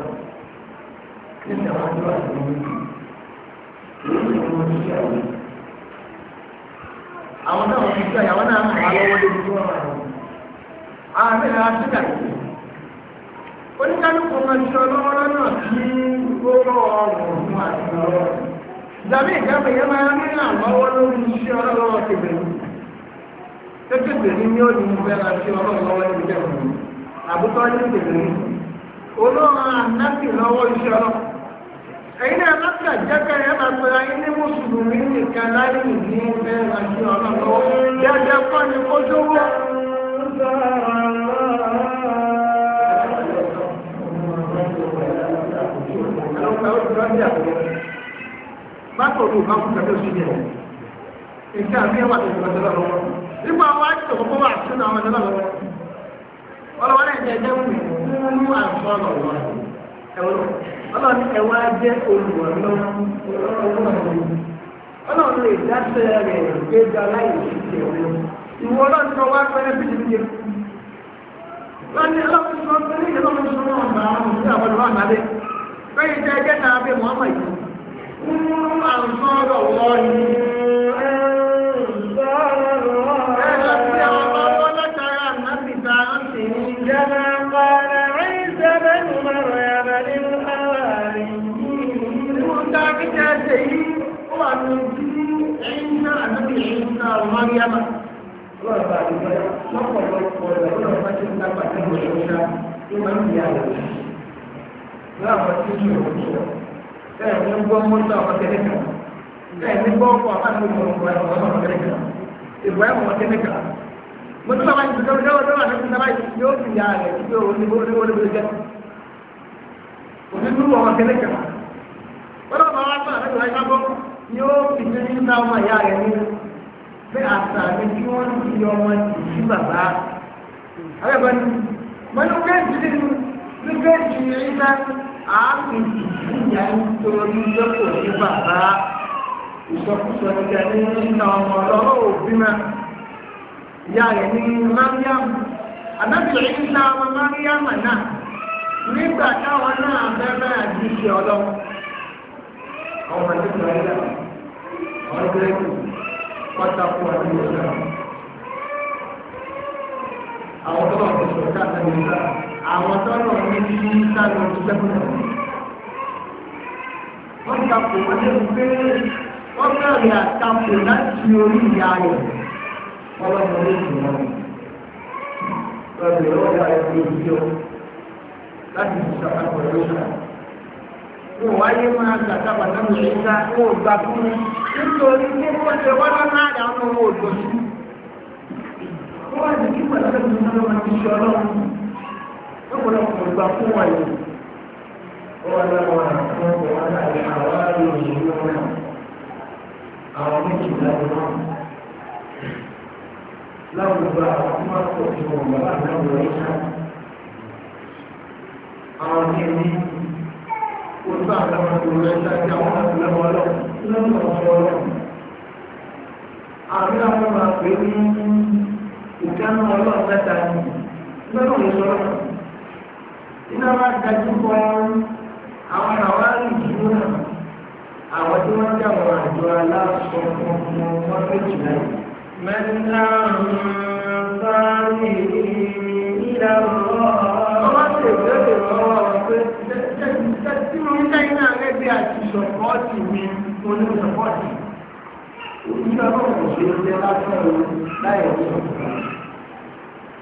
ní ìṣẹ̀wọ́n tó wà ní ìlú ìlú ìṣẹ̀wọ́n. àwọn náà wọ́n ti sọ ìyàwó náà mọ̀ wá lọ́wọ́ lórí tí wọ́n wà ní. ààrẹ rẹ̀ á síkà sí. oníkálukú ọmọ ìṣẹ́ ọlọ́wọ́ lọ́nà tí ó ọ̀rùn fún àtìlọ́wọ́. ìdàbí ìgbàgbé máa ń rí àwọn ọlọ́wọ́ lórí ọlọ́wọ́ kékeré ní ní òní ìfẹ́ máa ṣe ọlọ́run lọ́wọ́ ní ìjẹ́ òní àbútọ́ ní ìdèrè ní olóòrùn ànáfì lọ́wọ́ iṣẹ́ ọlọ́ ẹ̀yin náà láti àjẹ́kẹ́ ẹ máa pe ayé ní mùsùlùmí nìkan láyé ní ìfẹ́ máa ṣe ọlọ́run lọ́wọ́ jẹ́jẹ́ kọ́ ni kó dówó. Bákan òdu bá kú kẹ́kẹ́ sí ilé Ìṣe àbí ẹ̀wà tó ti bàtẹ́ lọ́wọ́ nígbà wá tó kókó wà sínú àwọn ẹ̀dá ọlọ́wọ́ náà jẹ́ ẹjẹ́ mú àlùfọ́ ọlọ́wọ́ ní ẹwà jẹ́ olùwọ̀lọ́wọ́ lè dáṣẹ́ rẹ̀ tó wá pẹ́rẹ́ bí àwọn òṣìṣẹ́ àwọn olùwà náà lé pẹ́yì jẹ́ ẹjẹ́ náà bẹ́ẹ̀ mọ́ àmà yìí ń mú àrùn mọ́ríyámà lọ́rọ̀ bá àdúgbò lọ́pọ̀lọpọ̀ lọ́rọ̀ bá ti ń dábàá ní òṣèlú ní máa ń yà rẹ̀ láwọn tí kì í wò ní ọ. bẹ́ẹ̀ ni ń gbọ́ mọ́tò àwọn tẹ́lẹ̀ kan bẹ́ẹ̀ ni gbọ́ ọkọ̀ àti ìgbọ̀ngbọ̀ àwọn tẹ́lẹ̀ kan ìgbọ̀ ẹ̀wọ̀n tẹ́lẹ̀ kan. mo ní bàbá ìgbìkan ní ọjọ́ àti ìgbìkan báyìí yóò fi yà rẹ̀ tí yóò ní olóògbé jẹ́. òtítù àwọn tẹ́lẹ̀ kan. wọ́n lọ́ pé àṣà ni kí wọ́n ti yọ ọmọ ìdí bàbá abẹ́bẹ́ ni mo ní kéèjì nínú ní kéèjì yìí ná àápìn ìyá nítorí lọ́pọ̀ ní bàbá ìsọkúsọ nígbà ní nínú ọmọ ọlọ́wọ́ òbí náà ìyá rẹ̀ ní máríàmù àdábìlẹ̀ ìlà ọmọ máríàmù náà nígbà táwọn náà bẹ́ẹ̀ àdìsí ọlọ́wọ́ ọmọ ìdíjọ ìlà ọmọ ìdíjọ ìlà pátákó àti ìṣẹ́ àwọn tó wà fún ìṣẹ́ àti ìṣẹ́ àwọn tó lọ ní bí sáré ọdún sẹ́kùn náà wọ́n ti kàpò wọ́n lè rí pé wọ́n bẹ̀rẹ̀ àtakò láti orí ìyá rẹ̀ wọ́n lọ́mọ ní ìṣẹ́ wọn lọ́dọ̀ ìwọ́n yà ẹ̀ fún ìṣẹ́ wọn láti ìṣẹ́ àpapọ̀ ìṣẹ́ wọn wáyé nítorí pé wọ́n ṣe wọ́n lọ náà dà wọn owó òjò sí. wọ́n wá ní kí pàtàkì tó ń lọ́wọ́ ti ṣe ọlọ́run lọ́pọ̀lọpọ̀ ìgbà fún wa yìí. wọ́n lọ́wọ́ wọn àwọn ọmọ wọn láti àwọn àárín òṣèlú wọn náà àwọn méjì láti wọn. láwùjọ àwọn tí wọ́n pọ̀ sí wọn bàbá àgbà wọn yìí ká. àwọn kẹ́ni kò sá àwọn ìṣòro ẹ̀ṣá tí àwọn àtìlẹ́wọ̀ ọlọ́run lẹ́nu ọ̀ṣọ́ ọlọ́run. àbí àwọn máa pè ní ìkánú ọlọ́run mẹ́ta ni lẹ́nu ìṣòro náà. iná máa dájú kọ àwọn àwọn àrùn náà àwọn tí mo ní sọpọ́ọ̀tì òtítọ́ náà kò ṣe oúnjẹ lásán o láì ọ̀sẹ̀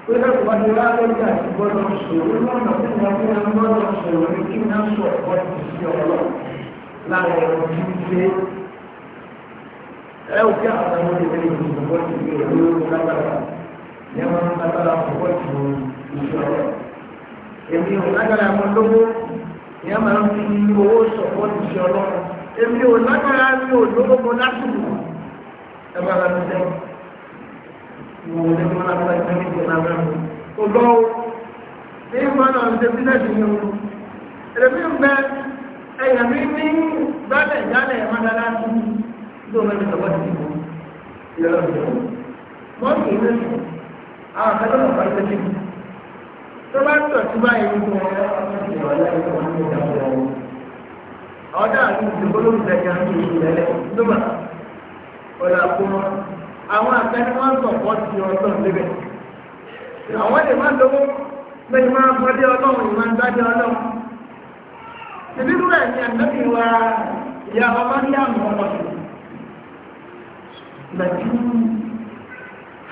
pé lẹ́kọ̀ọ́ bá ti rárá lórí àti gbọ́dọ̀ sọ̀rọ̀ lọ́nà tí wọ́n fi ń gbọ́dọ̀ sọ̀rọ̀ ní kí wọ́n sọ ọ̀pọ̀tì sí ọ̀rọ̀ lára ẹ̀rọ tí ń gbé ẹ ò kí àwọn ọmọ ìwé ìlú sọpọ́ọ̀tì gbé ìlú lágbára ní wọn lágbára sọpọ́ọ̀tì ìṣọ̀rọ̀ èmi ò lágbára mọ́ lówó ní wọn máa ń fi owó sọpọ́ọ̀tì sí ọlọ́run èmi ò lágbára mi ò lówó mo lásìkò ẹ bá láti jẹ ìwọ ò lè mọ lágbára ìgbà mi ìgbà náà mọ kò lọ o ní ìgbà náà ń ṣe bílẹ̀dì mi o èmi ń bẹ ẹ̀yà mi ní gbálẹ̀ jálẹ̀ ẹ̀ máa dára sí i ló mẹ́rin lọ́wọ́ sí ìbò ìyọ̀rọ̀ ìjọba wọ́n kì í lẹ́sùn àwọn akẹ́kọ̀ọ́ ọ̀gá bá tọ̀ sí báyìí ní ìgbà wọn ọ̀dà àti ìdókòló ìtajà ń fi ìrẹ̀lẹ̀ lóba ọ̀dà àkómọ́ àwọn akẹ́ni wọn sọ pọ̀ sí ọ̀tọ̀ níbẹ̀ àwọn lè má lówó bẹ́ẹ̀ máa kọ́dé ọlọ́run ìmọ̀ ń dájọ́ ọlọ́run ìbí rúra ẹ̀sìn àtẹ́bí wa ìyá ọmọ ní àmọ́ ọlọ́run lẹ́tí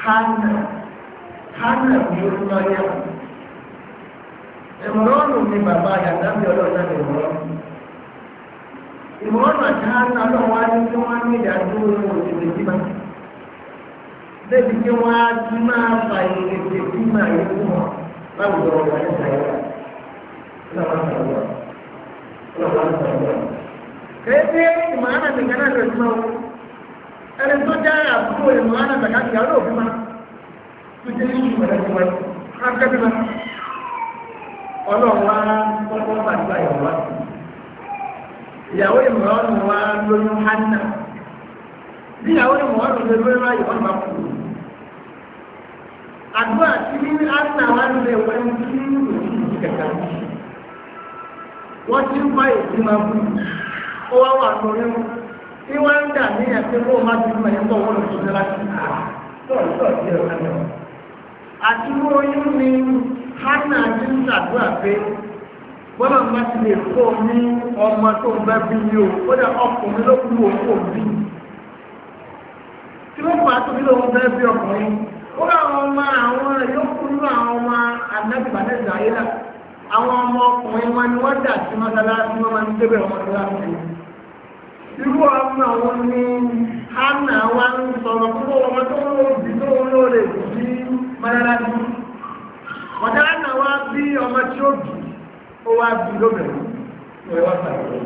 hánà hánà bí ó lọ yẹ ẹ̀mọ̀rọ̀ ọ̀nù ni bàbá àyàtọ̀ bí ọlọ́run náà lè ìmọ̀ràn tí wọ́n ń lọ wá ní kí wọ́n ní ìdájọ́ ohun òṣèlú jímá débi kí wọ́n á tún máa fa ìrètè tí máa yẹ fún wọn láwùjọ ọ̀gá ní ìdáyà kéde ìmọ̀ràn nìkan náà lọ́ọ́ jímá o ẹni tó já àbúrò ìmọ̀ràn kàkà kí àwọn òfin máa tó jẹ́ ìṣù mẹ́ta tí wọ́n á kẹ́bí máa ọlọ́run á kọ́kọ́ bàtí àyẹ̀wò wá sí i ìyàwó ìmọ̀ràn wa lóyún hánà bí ìyàwó ìmọ̀ràn lè lóyún wáyé wọn bá kú àdúrà tí ní hánà wa ń lè wọ́n kí òkú kẹta wọ́n ti ń bá èdè máa bú ó wá wà lórí wọn tí wọ́n ń dà ní ẹ̀sìn kó má ti mọ̀ ẹ̀kọ́ wọn lòdì sí láti ah, àti wọ́n yún ní hánà ti ń ṣàdúrà pé bọ́lá ń bá ti lè kó ní ọmọ tó ń bẹ́ bí yóò ó dẹ̀ ọkùnrin ló kú òkú òbí tí wọ́n fà á tó nílò wọn bẹ́ bí ọkùnrin ó rà àwọn ọmọ àwọn yòókù nínú àwọn ọmọ anábìbánẹ́sì ayé náà àwọn ọmọ ọkùnrin wọn ni wọ́n dà sí mọ́sálásí wọn máa ń débẹ̀ ọmọ tó láti ṣe irú ọmọ àwọn ní hánà wa ń sọ̀rọ̀ fún ọmọ tó ń tó ń mọ́sálásí mọ́sálásí wa bí ọmọ tí ó ó wá bí lóbìnrin ó wá sàrò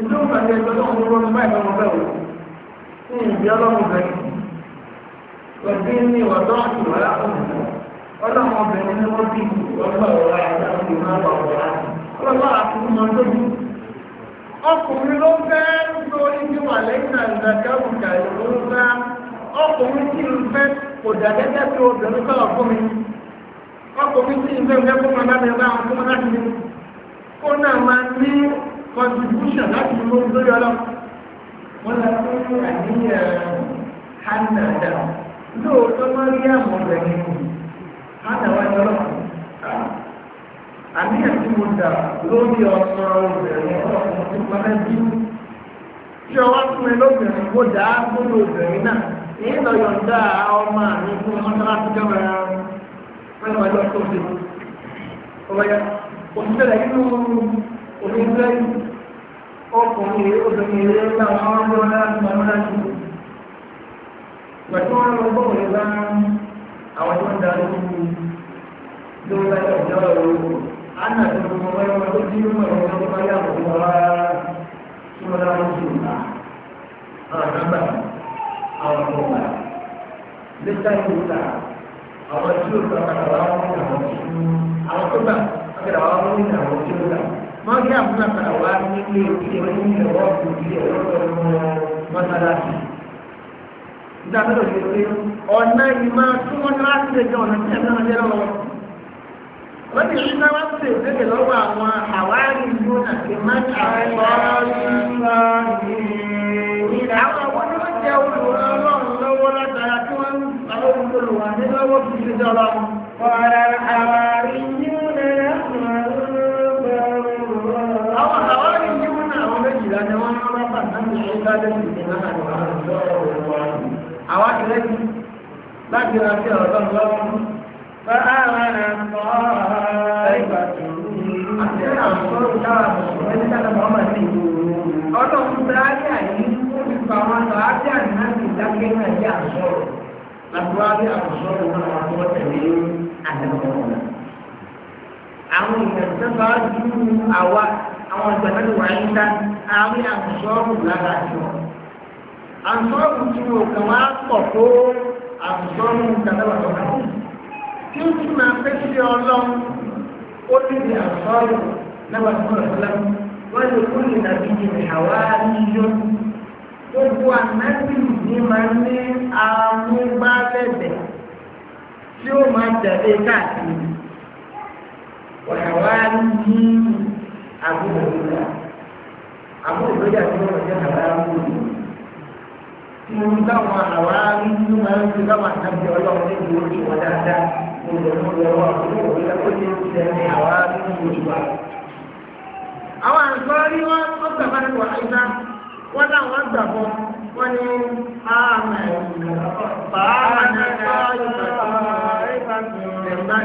ìdó ìpàdé ẹgbẹ́ náà ní wọn báyìí lọ́wọ́ bẹ́ẹ̀ wò ní ìdí ọlọ́run bẹ́ẹ̀ lọ́sí ní ìwọ̀dọ́ ìwà ọ̀hún ọlọ́run obìnrin ni wọ́n bí ọgbà ọ̀rọ̀ àti àwọn ìwà ọ̀rọ̀ ọlọ́run àkùnrin mọ́ tó bí ọkùnrin ló fẹ́ lórí bí wà lẹ́yìn àgbàkẹ́wùkà ìlú ńlá ọkùnrin tí ń fẹ́ kò dàgẹ́gẹ́ tó obìnrin sọ̀rọ̀ fún mi wọ́n kò fi sí ìfẹ́ ìfẹ́ fún màmá mi bá àwọn fún láti ní kó náà máa ní contribution láti mú lórí ọlọ́ wọ́n lọ sí àníyàn hánà dà lóòótọ́ máa rí àwọn ọ̀rẹ́ ní hánà wá ní ọlọ́pàá àníyàn tí mo dà lórí ọmọ obìnrin ọlọ́pàá tó máa ń bí tí ọwọ́ fún mi lóbìnrin mo dà á gbọ́dọ̀ obìnrin náà èyí lọ yọ̀ǹda ọmọ mi fún ọmọ láti jọ́ mẹ́rin wọ́n máa lọ sóòtù ọmọ ya òṣìṣẹ́ inú onígbẹ́ ọkùnrin obìnrin eré láwọn ọmọ ọmọ láti máa ń láti pẹ̀lú wọn lọ bọ́ọ̀ lè bá àwọn tó ń darí lórí láti ọjọ́ ìlú ana tó ń mọ ẹ̀rọ tó ti mọ ẹ̀rọ tó máa yà wọ́n wá tí wọ́n àwọn tí ó gbà padà wá wọn ní àwọn tí àwọn tó gbà padà wá wọn ní àwọn tí ó gbà wọn ní àwọn náà padà wá nílé ìdílé wọn ní ìrọwọ́ ìdílé ọlọ́dọ̀ wọn mọ́sálásì ìjà tó lòdì pé ọ̀nà ìmọ̀ tí wọ́n ní láti lè jẹ ọ̀nà tí ẹ̀mí wọn jẹ́ lọ́wọ́ wọ́n ti rí náà wá sí ìdílé lọ́wọ́ àwọn àwárí ìlú àti májà ọ̀rọ̀ àwọn ọmọdé wọn jẹ́ olùrànlọ́wọ́ látara tó يكن الواحد وفي ظلام قال الحواريون نحن أنصار الله أو الحواريون أو نجد أن ومن من عبادة نحن أنصار الله أواخر لكن أكثر الله فآمن الطائفة Ọlọ́run bá ayé àyè ń kó nípa wọn lọ, á bí àná ìdákẹ́ náà yà sọ̀rọ̀ àtúwárí àkọsọ́rọ̀ náà wà tó tẹ̀lé àdàkọ̀ọ̀nà. àwọn ìgbàgbọ́ ju àwa àwọn ìgbàgbọ́ wà ń ta àárín àkọsọ́rọ̀ lára jọ. àkọsọ́rọ̀ tí o kàn wá pọ̀ tó àkọsọ́rọ̀ kàdáwà tó kàn. tí o tún máa fẹ́ sí ọlọ́run ó ti di àkọsọ́rọ̀ náà tó kàn. wọ́n lè kúrò ìdàgbé ìrìn àwa ní yóò gbogbo ànábì ni máa ní amúgbálẹ́gbẹ̀ tí ó máa tẹ̀lé káàkiri wàhálà ní àbúrò ìlà àbúrò ìlà tí wọ́n jẹ́ àbára lórí tí mo ní káwọn àwa nínú máa ń fi káwọn ànábì ọlọ́run ní ìlú ojú wọn dáadáa mo lè mú lọ́wọ́ àbúrò ìlà tó ti ń tẹ̀lé àwa nínú ojú wa. àwọn àǹfààní wọn wọ́n sábà wàhálà wọ́n láwọn gbàgbọ́ wọ́n ní àmà pàánà lọ́yìnbà àwọn tààrà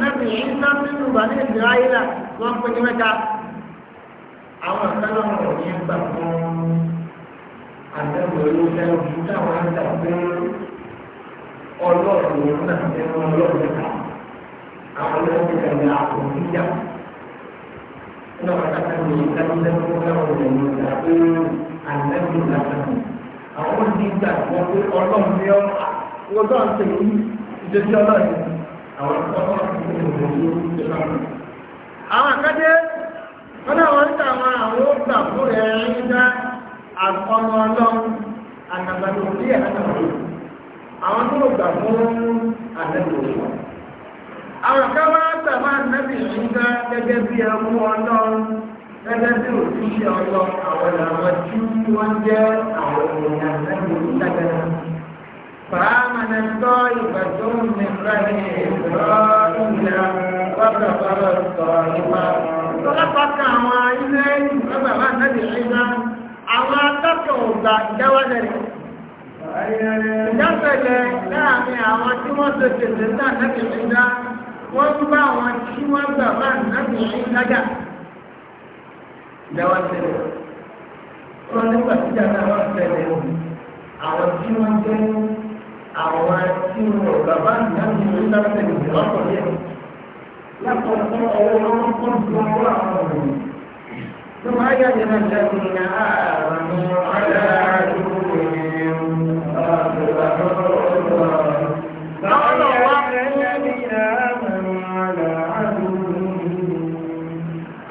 nẹ́bì ìṣẹ́ nínú bà ní ìdíráyílà wọ́n pín ní mẹ́ta àwọn ìtẹ́lọ́rùn ní ìgbà fún àtẹ́wò olóòtẹ́ òṣìṣẹ́ àwọn ìtàgbé ọlọ́run náà ẹ̀rọ ọlọ́run ká àwọn ọlọ́run ká ní àkókíyà ní ọ̀rọ̀ ká ní ìdánilẹ́kọ̀ọ́ láwọn ọ̀rọ̀ ìgbà pé àlẹ́kùn làkàn àwọn onígbà wọn pé ọlọ́run ní ọ wọ́n tó ń tẹ̀lé ìdójú ọlọ́run àwọn ọlọ́run ní ìdójú ọlọ́run. àwọn àkàdé wọn náà wọn ń ta àwọn àwọn ògbà fún ẹ̀ ń dá àkọ́mọ ọlọ́run àtàgbàdo bí ẹ̀ àwọn tó lò gbà fún àtẹ́bí òṣùwà àwọn kan wá tàbá àtẹ́bí ìṣúná gẹ́gẹ́ bí ẹkú ọlọ́run gẹ́gẹ́ bí òṣìṣẹ́ ọlọ́run àwọn làwọn tí wọ́n jẹ́ àwọn ènìyàn àtẹ́bí òṣìṣẹ́ فآمن الطائفة من بني إسرائيل وكفر الطائفة فلقد àwọn ilé ìgbàgbà náà lè ṣe náà àwọn akẹ́kọ̀ọ́ gbà ìdáwọ́lẹ̀ rẹ̀ ìdáfẹ̀lẹ̀ láàrin àwọn tí wọ́n ṣe tètè náà lẹ́bi ìdá wọ́n ń bá àwọn tí wọ́n gbà bá nàbì ìdájà. ìdáwà tẹ̀lẹ̀ wọ́n nígbà tí dáadáa wọ́n tẹ̀lẹ̀ àwọn tí wọ́n jẹ́ àwọn tí wọ́n gbà bá nàbì ìdájà wọ́n kọ̀ yẹ. lápapọ̀ ọwọ́ wọn kọ́ ju ọwọ́ àwọn ọ̀rọ̀. ثم أجدنا الذين آمنوا على عدوهم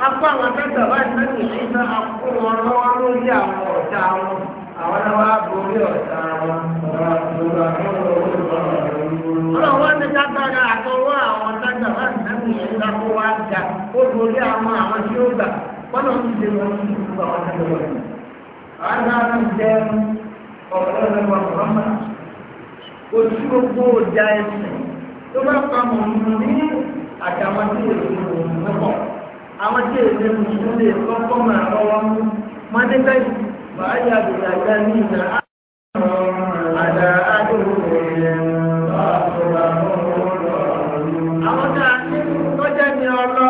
Apá àwọn akẹ́kọ̀ọ́ báyìí mẹ́tò ní iná akó wọn lọ́wọ́ lórí àwọn ọ̀tá wọn. Àwọn náà wá borí ọ̀tá wọn. Ọlọ́run wá ní dágbára àtọwọ́ àwọn dágbà báyìí mẹ́tò ní iná kó wá jà. Ó borí àwọn àwọn tí ó gbà. Wọ́n náà ti ṣe wọn ní ìlú àwọn akẹ́kọ̀ọ́ yìí. Àwọn náà ń jẹun ọ̀rọ̀ ẹ̀rọ ọ̀rọ̀mà ojú gbogbo ọjà ẹ̀sìn tó bá pa mọ̀ ní àtàwọn tí èdè òun pọ̀ àwọn tí èdè òun lè kọ́kọ́ máa lọ́wọ́ mú mọ́tẹ́tẹ́ báyìí àbẹ̀yà já ní ìgbà àdá àdúgbò rẹ̀ àwọn tá a ní tọ́jà ni ó lọ